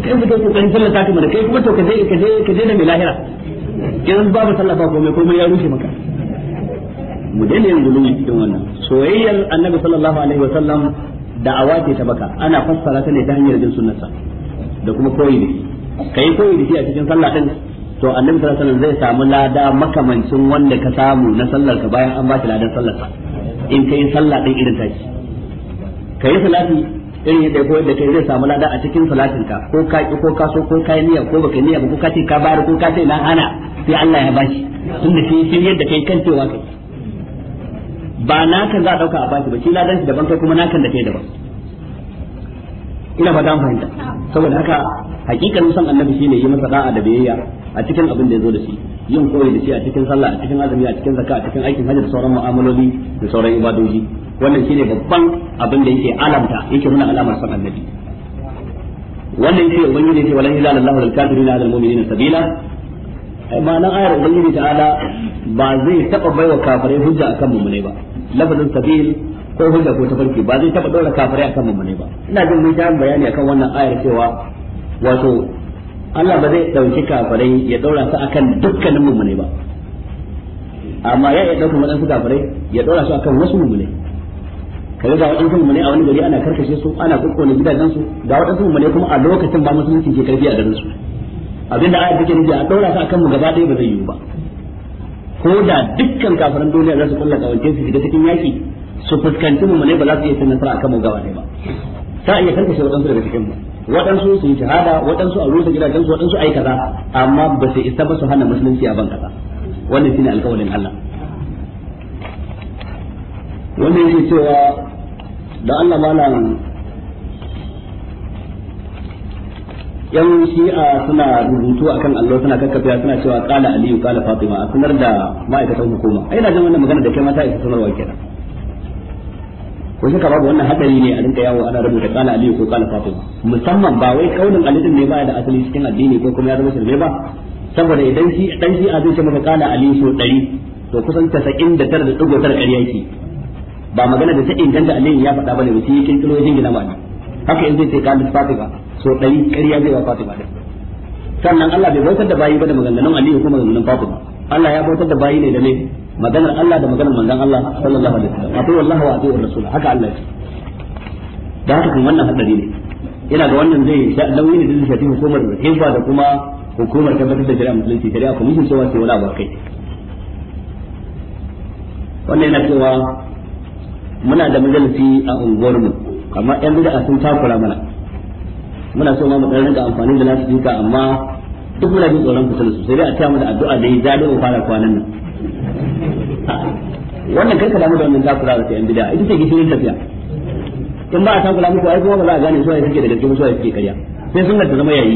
kai mu kai kokarin sallar ta kuma kai kuma to ka je ka je ka je da mai lahira idan babu sallah ba komai komai ya rushe maka mu daina yin gulumi cikin wannan soyayyar annabi sallallahu alaihi wasallam da'awa ce ta baka ana fassara ta ne ta hanyar jin sunnarsa da kuma koyi ne. kai koyi da shi a cikin sallah din to annabi sallallahu alaihi wasallam zai samu lada makamancin wanda ka samu na sallar ka bayan an ba ladan sallar ka in kai sallah din irin tashi kai salati irin yadda ko yadda kai zai samu lada a cikin salatin ka ko ka ki ko ka so ko kai niyya ko baka niyya ba ko ka ce ka bayar ko ka ce na hana sai Allah ya bashi tunda shi shi yadda kai kan cewa kai ba naka za a dauka a bashi ba shi ladan shi daban kai kuma naka da kai daban ina ba dan fahimta saboda haka hakikanin son annabi shine yi masa da'a da biyayya a cikin abin da ya zo da shi yin koyi da shi a cikin sallah a cikin azumi a cikin zakka a cikin aikin hajji da sauran mu'amaloli da sauran ibadoji wannan shine babban abin da yake alamta yake nuna alamar san annabi wannan yake ubangiji yake walan ilaha illallah wal kafirina wal mu'minina sabila ma'anar ayar ubangiji ta'ala ba zai taba baiwa kafirai hujja akan mu'minai ba lafazin sabil ko hujja ko tafarki ba zai taba dora kafirai akan mu'minai ba ina jin mun bayani akan wannan ayar cewa wato Allah ba zai dauki kafirai ya daura su akan dukkanin mummune ba amma ya iya daukan waɗansu kafirai ya daura su akan wasu mummune kaga ga waɗansu mummune a wani gari ana karkashe su ana kokkone gidajen su ga waɗansu mummune kuma a lokacin ba musulunci ke karfi a garin su abinda ayat take nufi a daura su akan mu gaba ɗaya ba zai yiwu ba ko da dukkan kafiran duniya za su kulla kawance su shiga cikin yaki su fuskanci mu ne ba za su iya sanin nasara akan mu gaba ɗaya ba ta iya karkashe waɗansu daga cikin mu waɗansu su yi shahada waɗansu a rusa gidajensu waɗansu ai kaza amma ba su isa ba su hana musulunci a ban kasa wannan shine alƙawarin Allah wannan yake cewa da Allah malam yan shi'a suna rubutu akan allo suna kakkafiya suna cewa kala aliyu kala fatima a sanar da ma'aikatan hukuma ai na jin wannan magana da kai mata isa sanarwa kenan ko shaka babu wannan hadari ne a rinka yawo ana rubuta kana aliyu ko kana fatima musamman ba wai kaunin alidin ne ba da asali cikin addini ko kuma ya zama shirme ba saboda idan shi dan shi a zai ce maka kana aliyu so 100 to kusan 99.9 ƙarya yake ba magana da ta inganta aliyu ya faɗa bane wuce yake kilo gina ba haka in zai ce kana fatima so 100 ƙarya zai ba fatima din sannan Allah bai bautar da bayi ba da maganganun aliyu ko maganganun fatima Allah ya bautar da bayi ne da ne maganar Allah da maganar manzon Allah sallallahu alaihi wasallam akwai wallahi wa atiu rasul haka Allah ya da haka kuma wannan hadari ne ina ga wannan zai sha nauyi ne da shi hukumar hizba da kuma hukumar tabbatar da shari'a musulunci shari'a commission cewa ce wala ba kai wannan yana cewa muna da majalisi a unguwarmu amma yan bid'a sun takura mana muna so ma mu dan rinka amfani da nasu duka amma duk muna jin tsoron kusa da su sai dai a taya mu da addu'a da ya jalo fara kwanan nan wannan ka damu da wannan takura da yan bid'a ita ce gishirin tafiya in ba a takura muku ai kuma ba za a gane su ai suke da gaske su ai suke karya sai sun ta zama yayi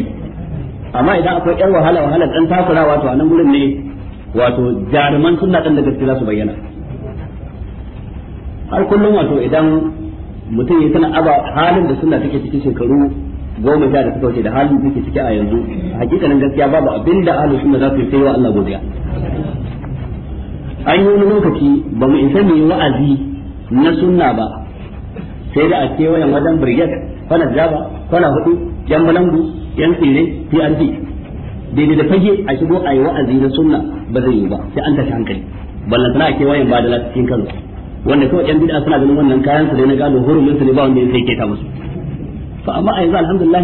amma idan akwai yar wahala wahala dan kula wato a nan gurin ne wato jaruman sunna dan da gaske za su bayyana har kullum wato idan mutum ya tana aba halin da sunna take cikin shekaru goma sha da suka wuce da halin da take ciki a yanzu hakikanin gaskiya babu abinda ahlus sunna za su yi sai wa Allah godiya an yi wani lokaci ba mu isa mai wa'azi na sunna ba sai da a kewayen wajen birgit kwanar jaba kwanar hudu yan balangu yan tsere pnp daidai da fage a shigo a yi wa'azi na sunna ba zai yi ba sai an tafi hankali ballan sana a kewayen ba da cikin kano wanda kawai yan bid'a suna ganin wannan kayan su da na gado hurumin su ne ba wanda ya sai ta musu to amma a yanzu alhamdulillah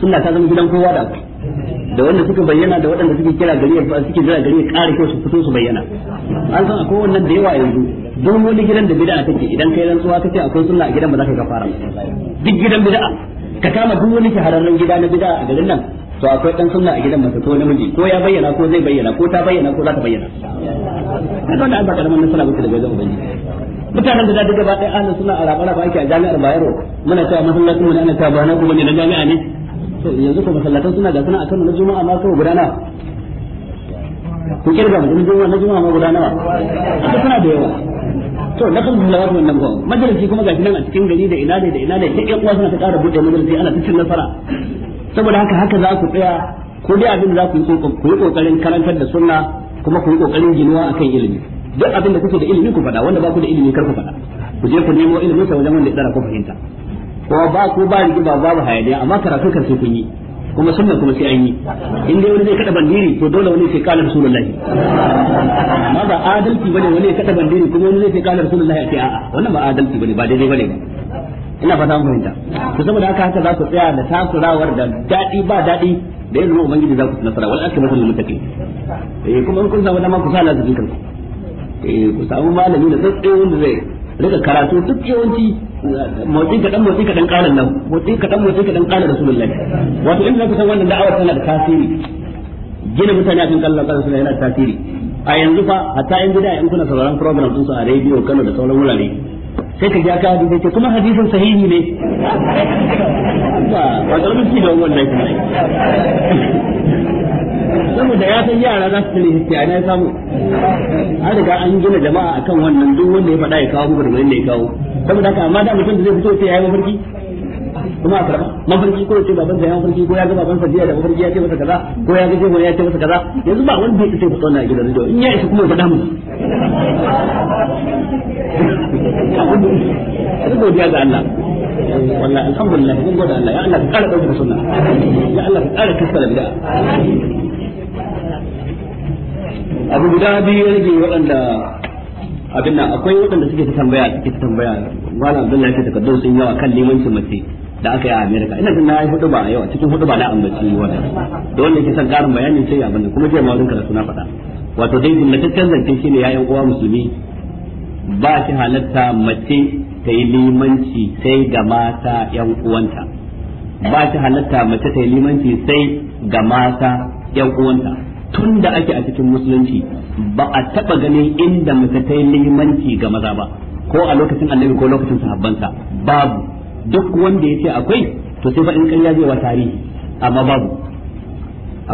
sunna ta zama gidan kowa da akwai da wanda suka bayyana da waɗanda suke kira gari suke jira gari ya ƙara kyau su fito su bayyana an san akwai wannan da yawa yanzu duk wani gidan da bid'a take idan kai rantsuwa kace akwai sunna a gidan ba za ka fara duk gidan bid'a ka kama duk wani shahararren gida na bid'a a garin nan to akwai dan sunna a gidan mace ko namiji ko ya bayyana ko zai bayyana ko ta bayyana ko za ta bayyana kaga wanda an ba karaman nasara muke daga wajen ubangiji mutanen da da gaba ɗaya ahlus sunna a raba raba ake a jami'ar Bayero muna cewa masallacin mu ne ana cewa ba na ku ne na jami'a ne yanzu ko masallatan suna ga suna akan na juma'a ma kawai guda nawa ku kirga mu juma'a na juma'a ma guda nawa duk suna da yawa to na kan bulawat wannan ba majalisi kuma gashi nan a cikin gari da ina ne da ina ne duk ƴan uwa suna ta ƙara buɗe majalisi ana ta cin nasara saboda haka haka za ku tsaya ko dai abin da za ku yi ku yi kokarin karantar da sunna kuma ku yi kokarin ginuwa akan ilimi duk abin da kuke da ilimi ku faɗa wanda ba ku da ilimi kar ku faɗa ku je ku nemo ilimin sa wajen wanda ya tsara ku fahimta ko ba ku ba rigima babu hayaniya amma karatu kan sai kun yi kuma sunna kuma sai an yi in dai wani zai kada bandiri to dole wani sai kalar rasulullahi amma ba adalci bane wani ya kada bandiri kuma wani zai sai kalar rasulullahi a ce a'a wannan ba adalci bane ba daidai bane ba ina fata mun fahimta to saboda haka haka za ku tsaya da tasurawar da dadi ba dadi da yanzu ubangiji za ku nasara wal akibatu lil muttaqin eh kuma in kun samu dama ku sa lazimin kanku eh ku samu malami da tsatsewa wanda zai rika karatu duk yawanci eh, motsin kaɗan motsin kaɗan ƙalan nan motsin kaɗan motsin kaɗan ƙalan rasulullahi wato in za ku san wannan da'awar tana da tasiri gina mutane a kan kallon kan suna yana tasiri a yanzu fa hatta in gida in kuna sauraron program sun su a rediyo Kano da sauran wurare sai ka ja ka hadisi ce kuma hadisin sahihi ne ba ba wannan kuma saboda ya san yara za su tare hikiya ne samu a riga an gina jama'a akan wannan duk wanda ya faɗa ya kawo muku da wanda ya kawo saboda haka amma da mutum da zai fito sai ya yi mafarki kuma a karɓa mafarki ko ce baban sa ya mafarki ko ya ga baban sa jiya da mafarki ya ce masa kaza ko ya ga jego ya ce masa kaza yanzu ba wanda ya fito ku tsona a gidan rijiyo in ya isa kuma ya faɗa mu ka godiya ga Allah wallahi alhamdulillah mun gode Allah ya Allah ka kara ɗaukar sunna ya Allah ka kara kasala bid'a abu guda biyu ya rage waɗanda abin nan akwai waɗanda suke ta tambaya suke ta tambaya wala abdullahi yake takardun sun yawa kan su mace da aka yi a america ina jin na yi hudu ba a yawa cikin hudu ba na ambaci wannan don ne ke son karin bayani sai ya bani kuma jiya ma wurin karatu na faɗa wato dai kan zance shine yayin uwa musulmi ba shi halatta mace ta yi limanci sai ga mata yan uwanta ba shi halatta mace ta yi limanci sai ga mata yan uwanta tun da ake a cikin musulunci ba a taba ganin inda mace ta yi limanci ga maza ba ko a lokacin annabi ko lokacin sahabbansa babu duk wanda ya ce akwai to sai ba in ƙarya zai wa tarihi amma babu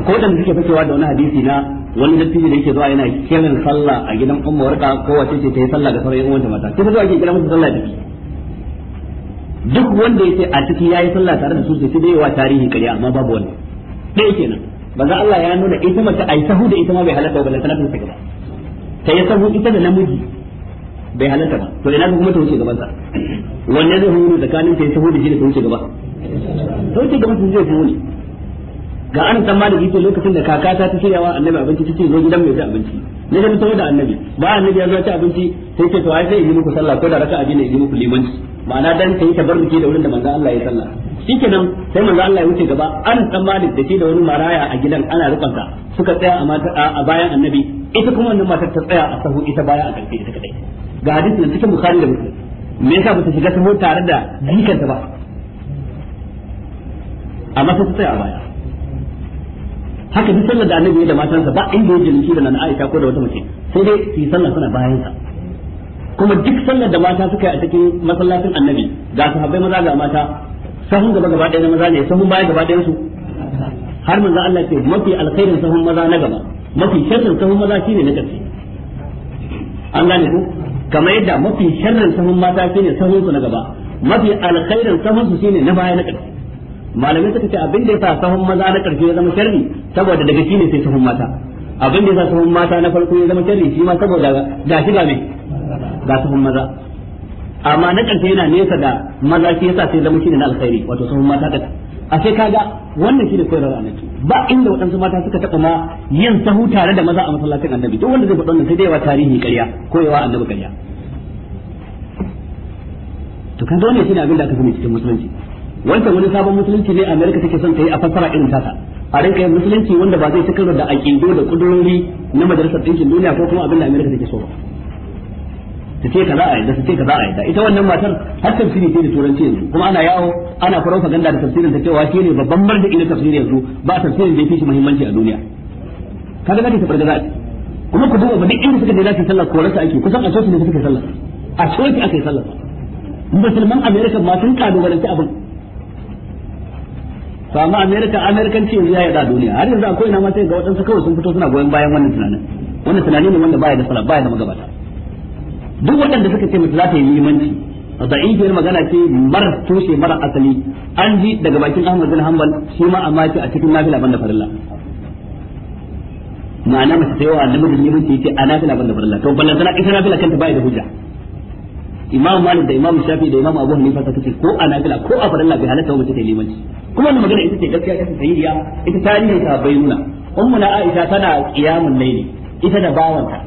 akwai wanda suke fakewa da wani hadisi na wani dattijo da yake zuwa yana kiran sallah a gidan ummu warka ko wace ce ta yi sallah da sauran uwanta mata sai ta zuwa ke kira musu sallah da duk wanda ya ce a ciki yayi sallah tare da su sai dai wa tarihi ƙarya amma babu wanda dai kenan manzo Allah ya nuna ita mace ai sahu da ita ma bai halatta ba lantana ta gaba ta yi sahu ita da namiji bai halatta ba to ina kuma ta wuce gaban sa wanne zai huru tsakanin ta yi sahu da shi da ta wuce gaba ta wuce gaban sun zai huru ne ga an san maliki yake lokacin da kakata ta shirya wa annabi abinci tace zo gidan mai abinci ne da mutum da annabi ba annabi ya zo abinci sai ce to ai sai yi muku sallah ko da raka'a biyu ne yi muku limanci ma'ana dan kai tabarruki da wurin da manzo Allah ya sallah shikenan sai manzo Allah ya wuce gaba an san malik da shi da wani maraya a gidan ana rukanta suka tsaya a mata a bayan annabi ita kuma wannan matar ta tsaya a sahu ita baya a karfe ita kadai ga hadisin cikin bukhari da muslim me yasa ba ta shiga sahu tare da jikanta ba amma ta tsaya a baya haka duk sallar da annabi ya da matansa ba inda ya jinki da nan Aisha ko da wata mace sai dai su yi sallah suna bayan sa kuma duk sallar da mata suka yi a cikin masallacin annabi ga sahabbai maza ga mata sahun gaba gaba ɗaya na maza ne sahun baya gaba ɗayan su har manzo Allah ce mafi alkhairin sahun maza na gaba mafi sharrin sahun maza shine na ƙarshe an gane ku kamar yadda mafi sharrin sahun mata shine sahun su na gaba mafi alkhairin sahun su shine na baya na ƙarshe malamai suka ce abin da yasa sahun maza na karshe ya zama sharri saboda daga shi ne sai sahun mata abin da yasa sahun mata na farko ya zama sharri shi ma saboda ga shi ga me ga sahun maza amma na karshe yana nesa da maza shi yasa sai zama shi ne na alkhairi wato sahun mata da a sai kaga wannan shi ne koyarwar annabi ba inda waɗansu mata suka taɓa ma yin sahu tare da maza a masallacin annabi duk wanda zai faɗa wannan sai dai wa tarihi ƙarya ko annabi ƙarya to kaga wannan shi ne abin da aka sani cikin musulunci wancan wani sabon musulunci ne amerika take son ta yi a fassara irin tata a rinka yin musulunci wanda ba zai cikar da aƙido da kudurori na majalisar ɗinkin duniya ko kuma abin da america take so ba ta ce kaza a yadda ta ce kaza a yadda ita wannan matar har tafsiri ce da turanci yanzu kuma ana yawo ana farauka ganda da tafsirin ta cewa shi ne babban marda ina tafsiri yanzu ba tafsirin da ya fi shi muhimmanci a duniya Ka kaga zaka tabar gaza kuma ku duba duk inda suka je za su sallah korarsa ake kusan a coci ne suka sallah a coci ake sallah musulman amerika ma sun kalubalanci abin to amma america americanci yanzu ya yada duniya har yanzu akwai na ma sai ga waɗansu kawai sun fito suna goyon bayan wannan tunanin wannan tunani ne wanda baya da sala baya da magabata duk waɗanda suka ce mace za ta yi limanci da'ifiyar magana ce mara tushe mara asali an ji daga bakin ahmad bin hanbal shi ma amma ce a cikin nafila banda farilla ma'ana mace ta yawa da limanci ce a nafila banda farilla to ballan zana ƙasa nafila kanta baya da hujja imam malik da imam shafi da imam abu hanifa suka ce ko a nafila ko a farilla bai halatta mace ta limanci kuma wannan magana ita ce gaskiya ita ya ita tarihin ta bai nuna na aisha tana qiyamul layli ita da bawanta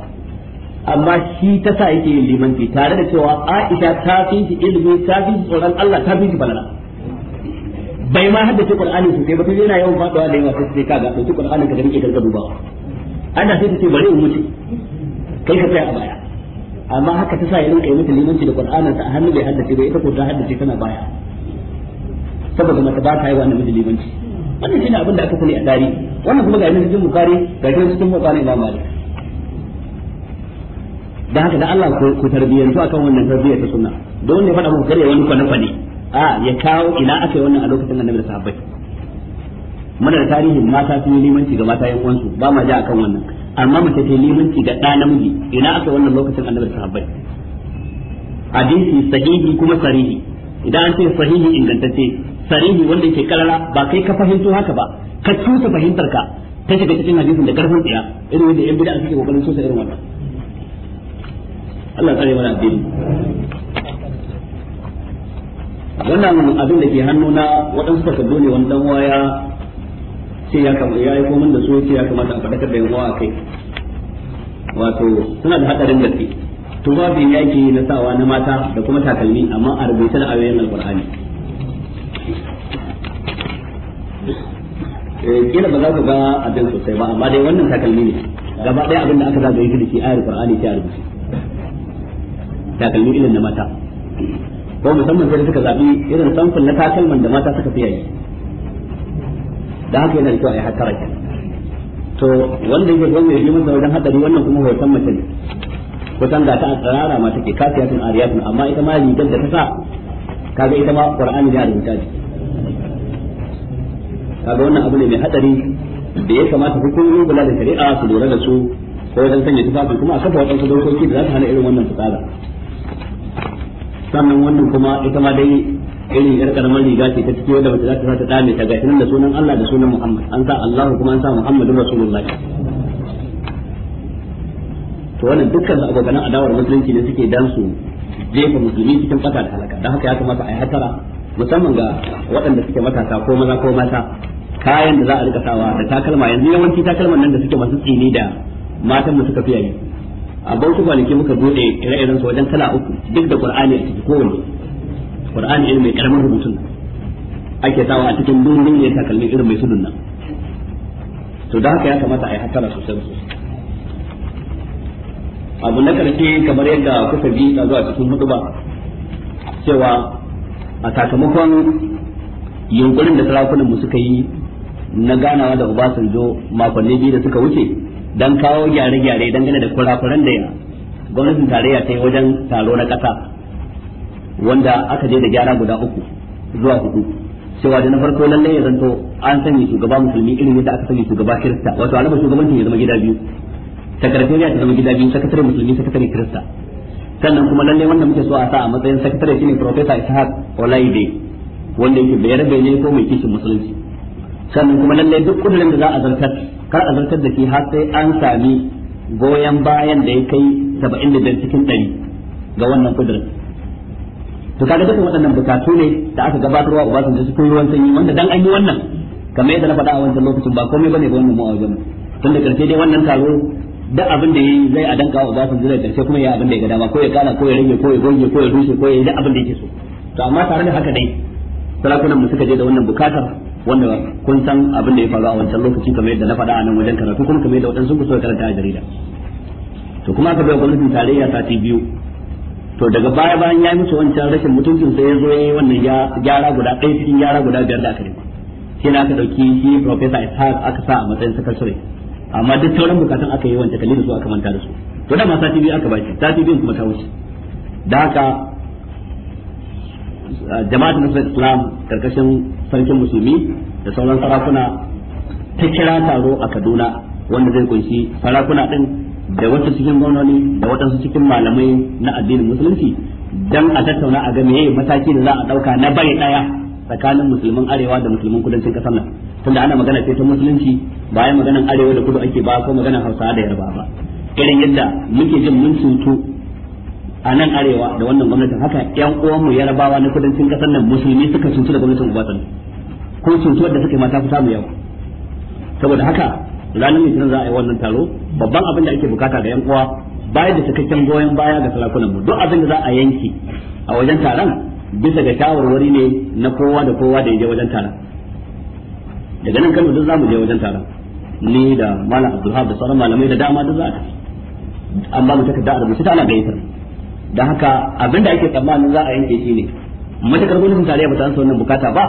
amma shi ta sa yake yin limanci tare da cewa aisha ta fi shi ilimi ta fi shi tsoron Allah ta fi shi balala bai ma haddace qur'ani sosai ba sai yana yawan faduwa da yawa sai kaga to qur'ani ka da kake gargadu ba Allah sai ta ce bari in mutu kai ka tsaya a baya amma haka ta sa ya rinka yi mata limanci da Qur'anin ta a hannu bai haddace ba ita ko ta haddace tana baya saboda mata ba ta yi wa namiji limanci wannan shine abin da aka sani a dari wannan kuma ga yana jin bukari ga yana cikin bukari ba malik da haka da Allah ku ku tarbiyyantu akan wannan tarbiyyar ta sunna don ne faɗa mu gare wani kwana kwane a ya kawo ina aka yi wannan a lokacin annabi da sahabbai muna da tarihin mata sun yi limanci ga mata yan ba ma ja akan wannan amma mace ta limanci ga ɗa namiji ina aka wannan lokacin annabi sahabbai hadisi sahihi kuma sarihi idan an ce sahihi ingantacce sarihi wanda yake karara ba kai ka fahimto haka ba ka cuta fahimtar ka ta shiga cikin hadisin da karfin tsaya irin yadda yan bid'a suke kokarin sosa irin wannan Allah tsare mana addini wannan abin da ke hannu na waɗansu takardu ne wani waya ce ya kamata ya yi komin da su ce ya kamata a fadakar da yawa a kai wato suna da hadarin gaske bin yaki na sawa na mata da kuma takalmi amma a rubuta da ayoyin alkur'ani eh, kila ba za ku ga abin sosai ba amma dai wannan takalmi ne gaba ɗaya abin da aka zagaye shi da shi ayar qur'ani ta rubuce takalmi ilin na mata ko musamman sai suka zabi irin samfin na takalman da mata suka fi yayi da haka yana da kyau a yi hattara to wanda yake gwamnati ya masa wajen hadari wannan kuma hoton mace ne kusan ga ta a ma take kafiyatun ariyatun amma ita ma rigar da ta sa kaga ita ma qur'ani ne a rubuta shi kaga wannan abu ne mai hadari da ya kamata hukumomin bula da shari'a su lura da su ko wajen sanya tufafi kuma a kafa waɗansu dokoki da za su hana irin wannan tsara sannan wannan kuma ita ma dai irin yar karamar riga ce ta ciki wanda mace za ta sa ta dame ta ga nan da sunan Allah da sunan Muhammad an sa Allah kuma an sa Muhammadun Rasulullahi to wannan dukkan abokan adawar musulunci ne suke dan su jefa musulmi cikin fata da halaka dan haka ya kamata a yi hatara musamman ga waɗanda suke matasa ko maza ko mata kayan da za a rika sawa da takalma yanzu yawanci takalman nan da suke masu tsini da matan mu suka fiye a bautu kwanaki muka bude ire-iren su wajen kala uku duk da Qur'ani a ciki kowanne qur'ani ne mai karamin rubutun ake sawa a cikin dindin ne takalmi irin mai sudun to da haka ya kamata a yi hatara sosai sosai abu na karshe kamar yadda kuka bi ta zuwa cikin huduba cewa a sakamakon yunkurin da sarakunan mu suka yi na ganawa da Obasanjo makonni biyu da suka wuce dan kawo gyare-gyare dangane da kurakuran da gwamnatin tarayya ta yi wajen taro na ƙasa. wanda aka je da gyara guda uku zuwa hudu cewa da na farko lalle ya zanto an sanya shugaba musulmi irin yadda aka sanya shugaba kirista wato alama shugabancin ya zama gida biyu sakatariya ta zama gida biyu sakatare musulmi sakatare kirista sannan kuma lalle wanda muke so a sa a matsayin sakatare shine professor Ishaq Olaide wanda yake bayar da ne ko mai kishin musulunci sannan kuma lalle duk kudurin da za a zartar kar a zartar da shi har sai an sami goyon bayan da ya kai 75 cikin 100 ga wannan kudurin to kaga dukkan waɗannan bukatu ne da aka gabatarwa su cikin ruwan sanyi wanda dan an yi wannan kamar yadda na faɗa a wancan lokacin ba komai bane ba wannan mu'awajan tunda karshe dai wannan taro da abin da yayi zai a danka Obasanjo da karshe kuma ya abin da ya ga dama ko ya kana ko ya rage ko ya goge ko ya rushe ko ya yi da abin da yake so to amma tare da haka dai sarakunan mu suka je da wannan bukatar wanda kun san abin da ya faru a wancan lokaci kamar yadda na faɗa a nan wajen karatu kuma kamar yadda waɗansu ku so karanta a jarida to kuma aka bai gwamnatin tarayya sati biyu to daga baya bayan ya musu wancan rashin mutuncin sai ya zo yi wannan gyara guda ɗaya cikin gyara guda biyar da aka yi sai na aka ɗauki shi professor Ishaq aka sa a matsayin sakatare amma duk sauran bukatun aka yi wancan kalli da su aka manta da su to da ma sati biyu aka baki sati biyu kuma ta wuce da haka na nasarar islam karkashin sarkin musulmi da sauran sarakuna ta kira taro a kaduna wanda zai kunshi sarakuna din da wata cikin gwamnoni da waɗansu cikin malamai na addinin musulunci dan a tattauna a ga yayi mataki da za a ɗauka na bai ɗaya tsakanin musulman arewa da musulman kudancin ƙasar nan tunda ana magana ce ta musulunci bayan maganar arewa da kudu ake ba ko maganar hausa da yarba ba irin yadda muke jin mun cutu a nan arewa da wannan gwamnatin haka yan uwanmu yarabawa na kudancin ƙasar nan musulmi suka cutu da gwamnatin ubatan ko cutuwar da suka yi mata ku samu yawa saboda haka ranar litinin za a yi wannan taro babban abin da ake bukata ga yan uwa bayar da cikakken goyon baya ga sarakunan mu duk abin da za a yanki a wajen taron bisa ga shawarwari ne na kowa da kowa da ya je wajen taron daga nan kano duk za mu je wajen taron ni da malam abdulhab da sauran malamai da dama duk za a tafi an ba mu takarda da'ar mu ta ana gayyatar don haka abinda ake tsammanin za a yanke shi ne matakar gwamnatin tarayya ba ta ansa wannan bukata ba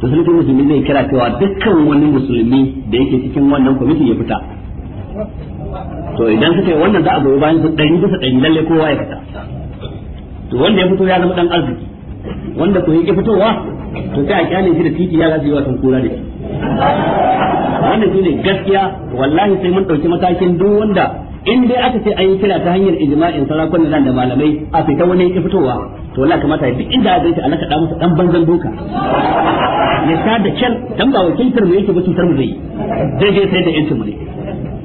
to sun musulmi zai kira cewa dukkan wani musulmi da yake cikin wannan kwamiti ya fita to idan suka yi wannan za a goyi bayan su ɗari bisa ɗari lalle kowa ya fita to wanda ya fito ya zama ɗan arziki wanda ko yake fitowa to sai a kyale shi da titi ya zasu yi wasan kura da shi wannan shine gaskiya wallahi sai mun ɗauki matakin duk wanda in dai aka ce an yi kira ta hanyar ijma'in sarakun nan da malamai a fita wani yake fitowa to wallahi kamata duk inda a gaita a naka da masa dan banzan doka ya sa da kyan dan ba wakiltar mu yake ba cutar mu zai zai je sai da yancin mu ne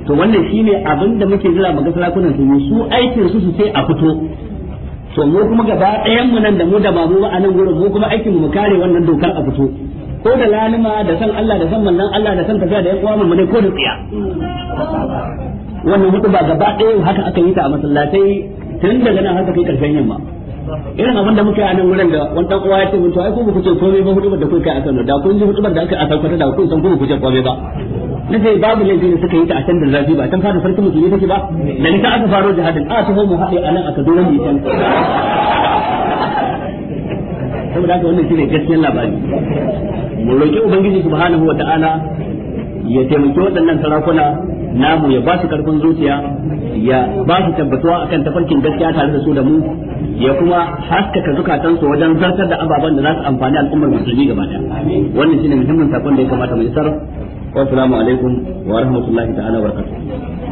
to wannan shine abin da muke jira muga salakunan su su aikin su su sai a fito to mu kuma gaba ɗayan mu nan da mu da babu a nan gurin mu kuma aikin mu kare wannan dokar a fito ko da lalima da san Allah da san mallan Allah da san tafiya da yan uwa mu ne ko da tsiya wannan hudu ba gaba ɗayan haka aka yi ta a masallatai tun daga nan haka kai karshen yamma irin abin da muke a nan wurin da wani dan uwa ya ce mun to ai ko ku ce komai ba hudu da kai akan da kun ji hudu da aka a tabbata da kun san ku ku ce komai ba na sai babu laifi da suka yi ta a can da zafi ba can fara farkin musulmi take ba da ita aka faro jihadin a ta mu haɗe a nan aka zo nan can saboda haka wannan shine gaskiyar labari mu roki ubangiji subhanahu wa ta'ala ya taimaki waɗannan sarakuna namu ya ba su karfin zuciya ya ba su tabbatuwa akan tafarkin gaskiya tare da su da mu ya kuma haskaka zukatansu wajen zartar da ababen da za su amfani al'ummar musulmi gaba ɗaya wannan shine muhimmin sakon da ya kamata mu isar wassalamu alaikum wa rahmatullahi ta'ala wa barakatuh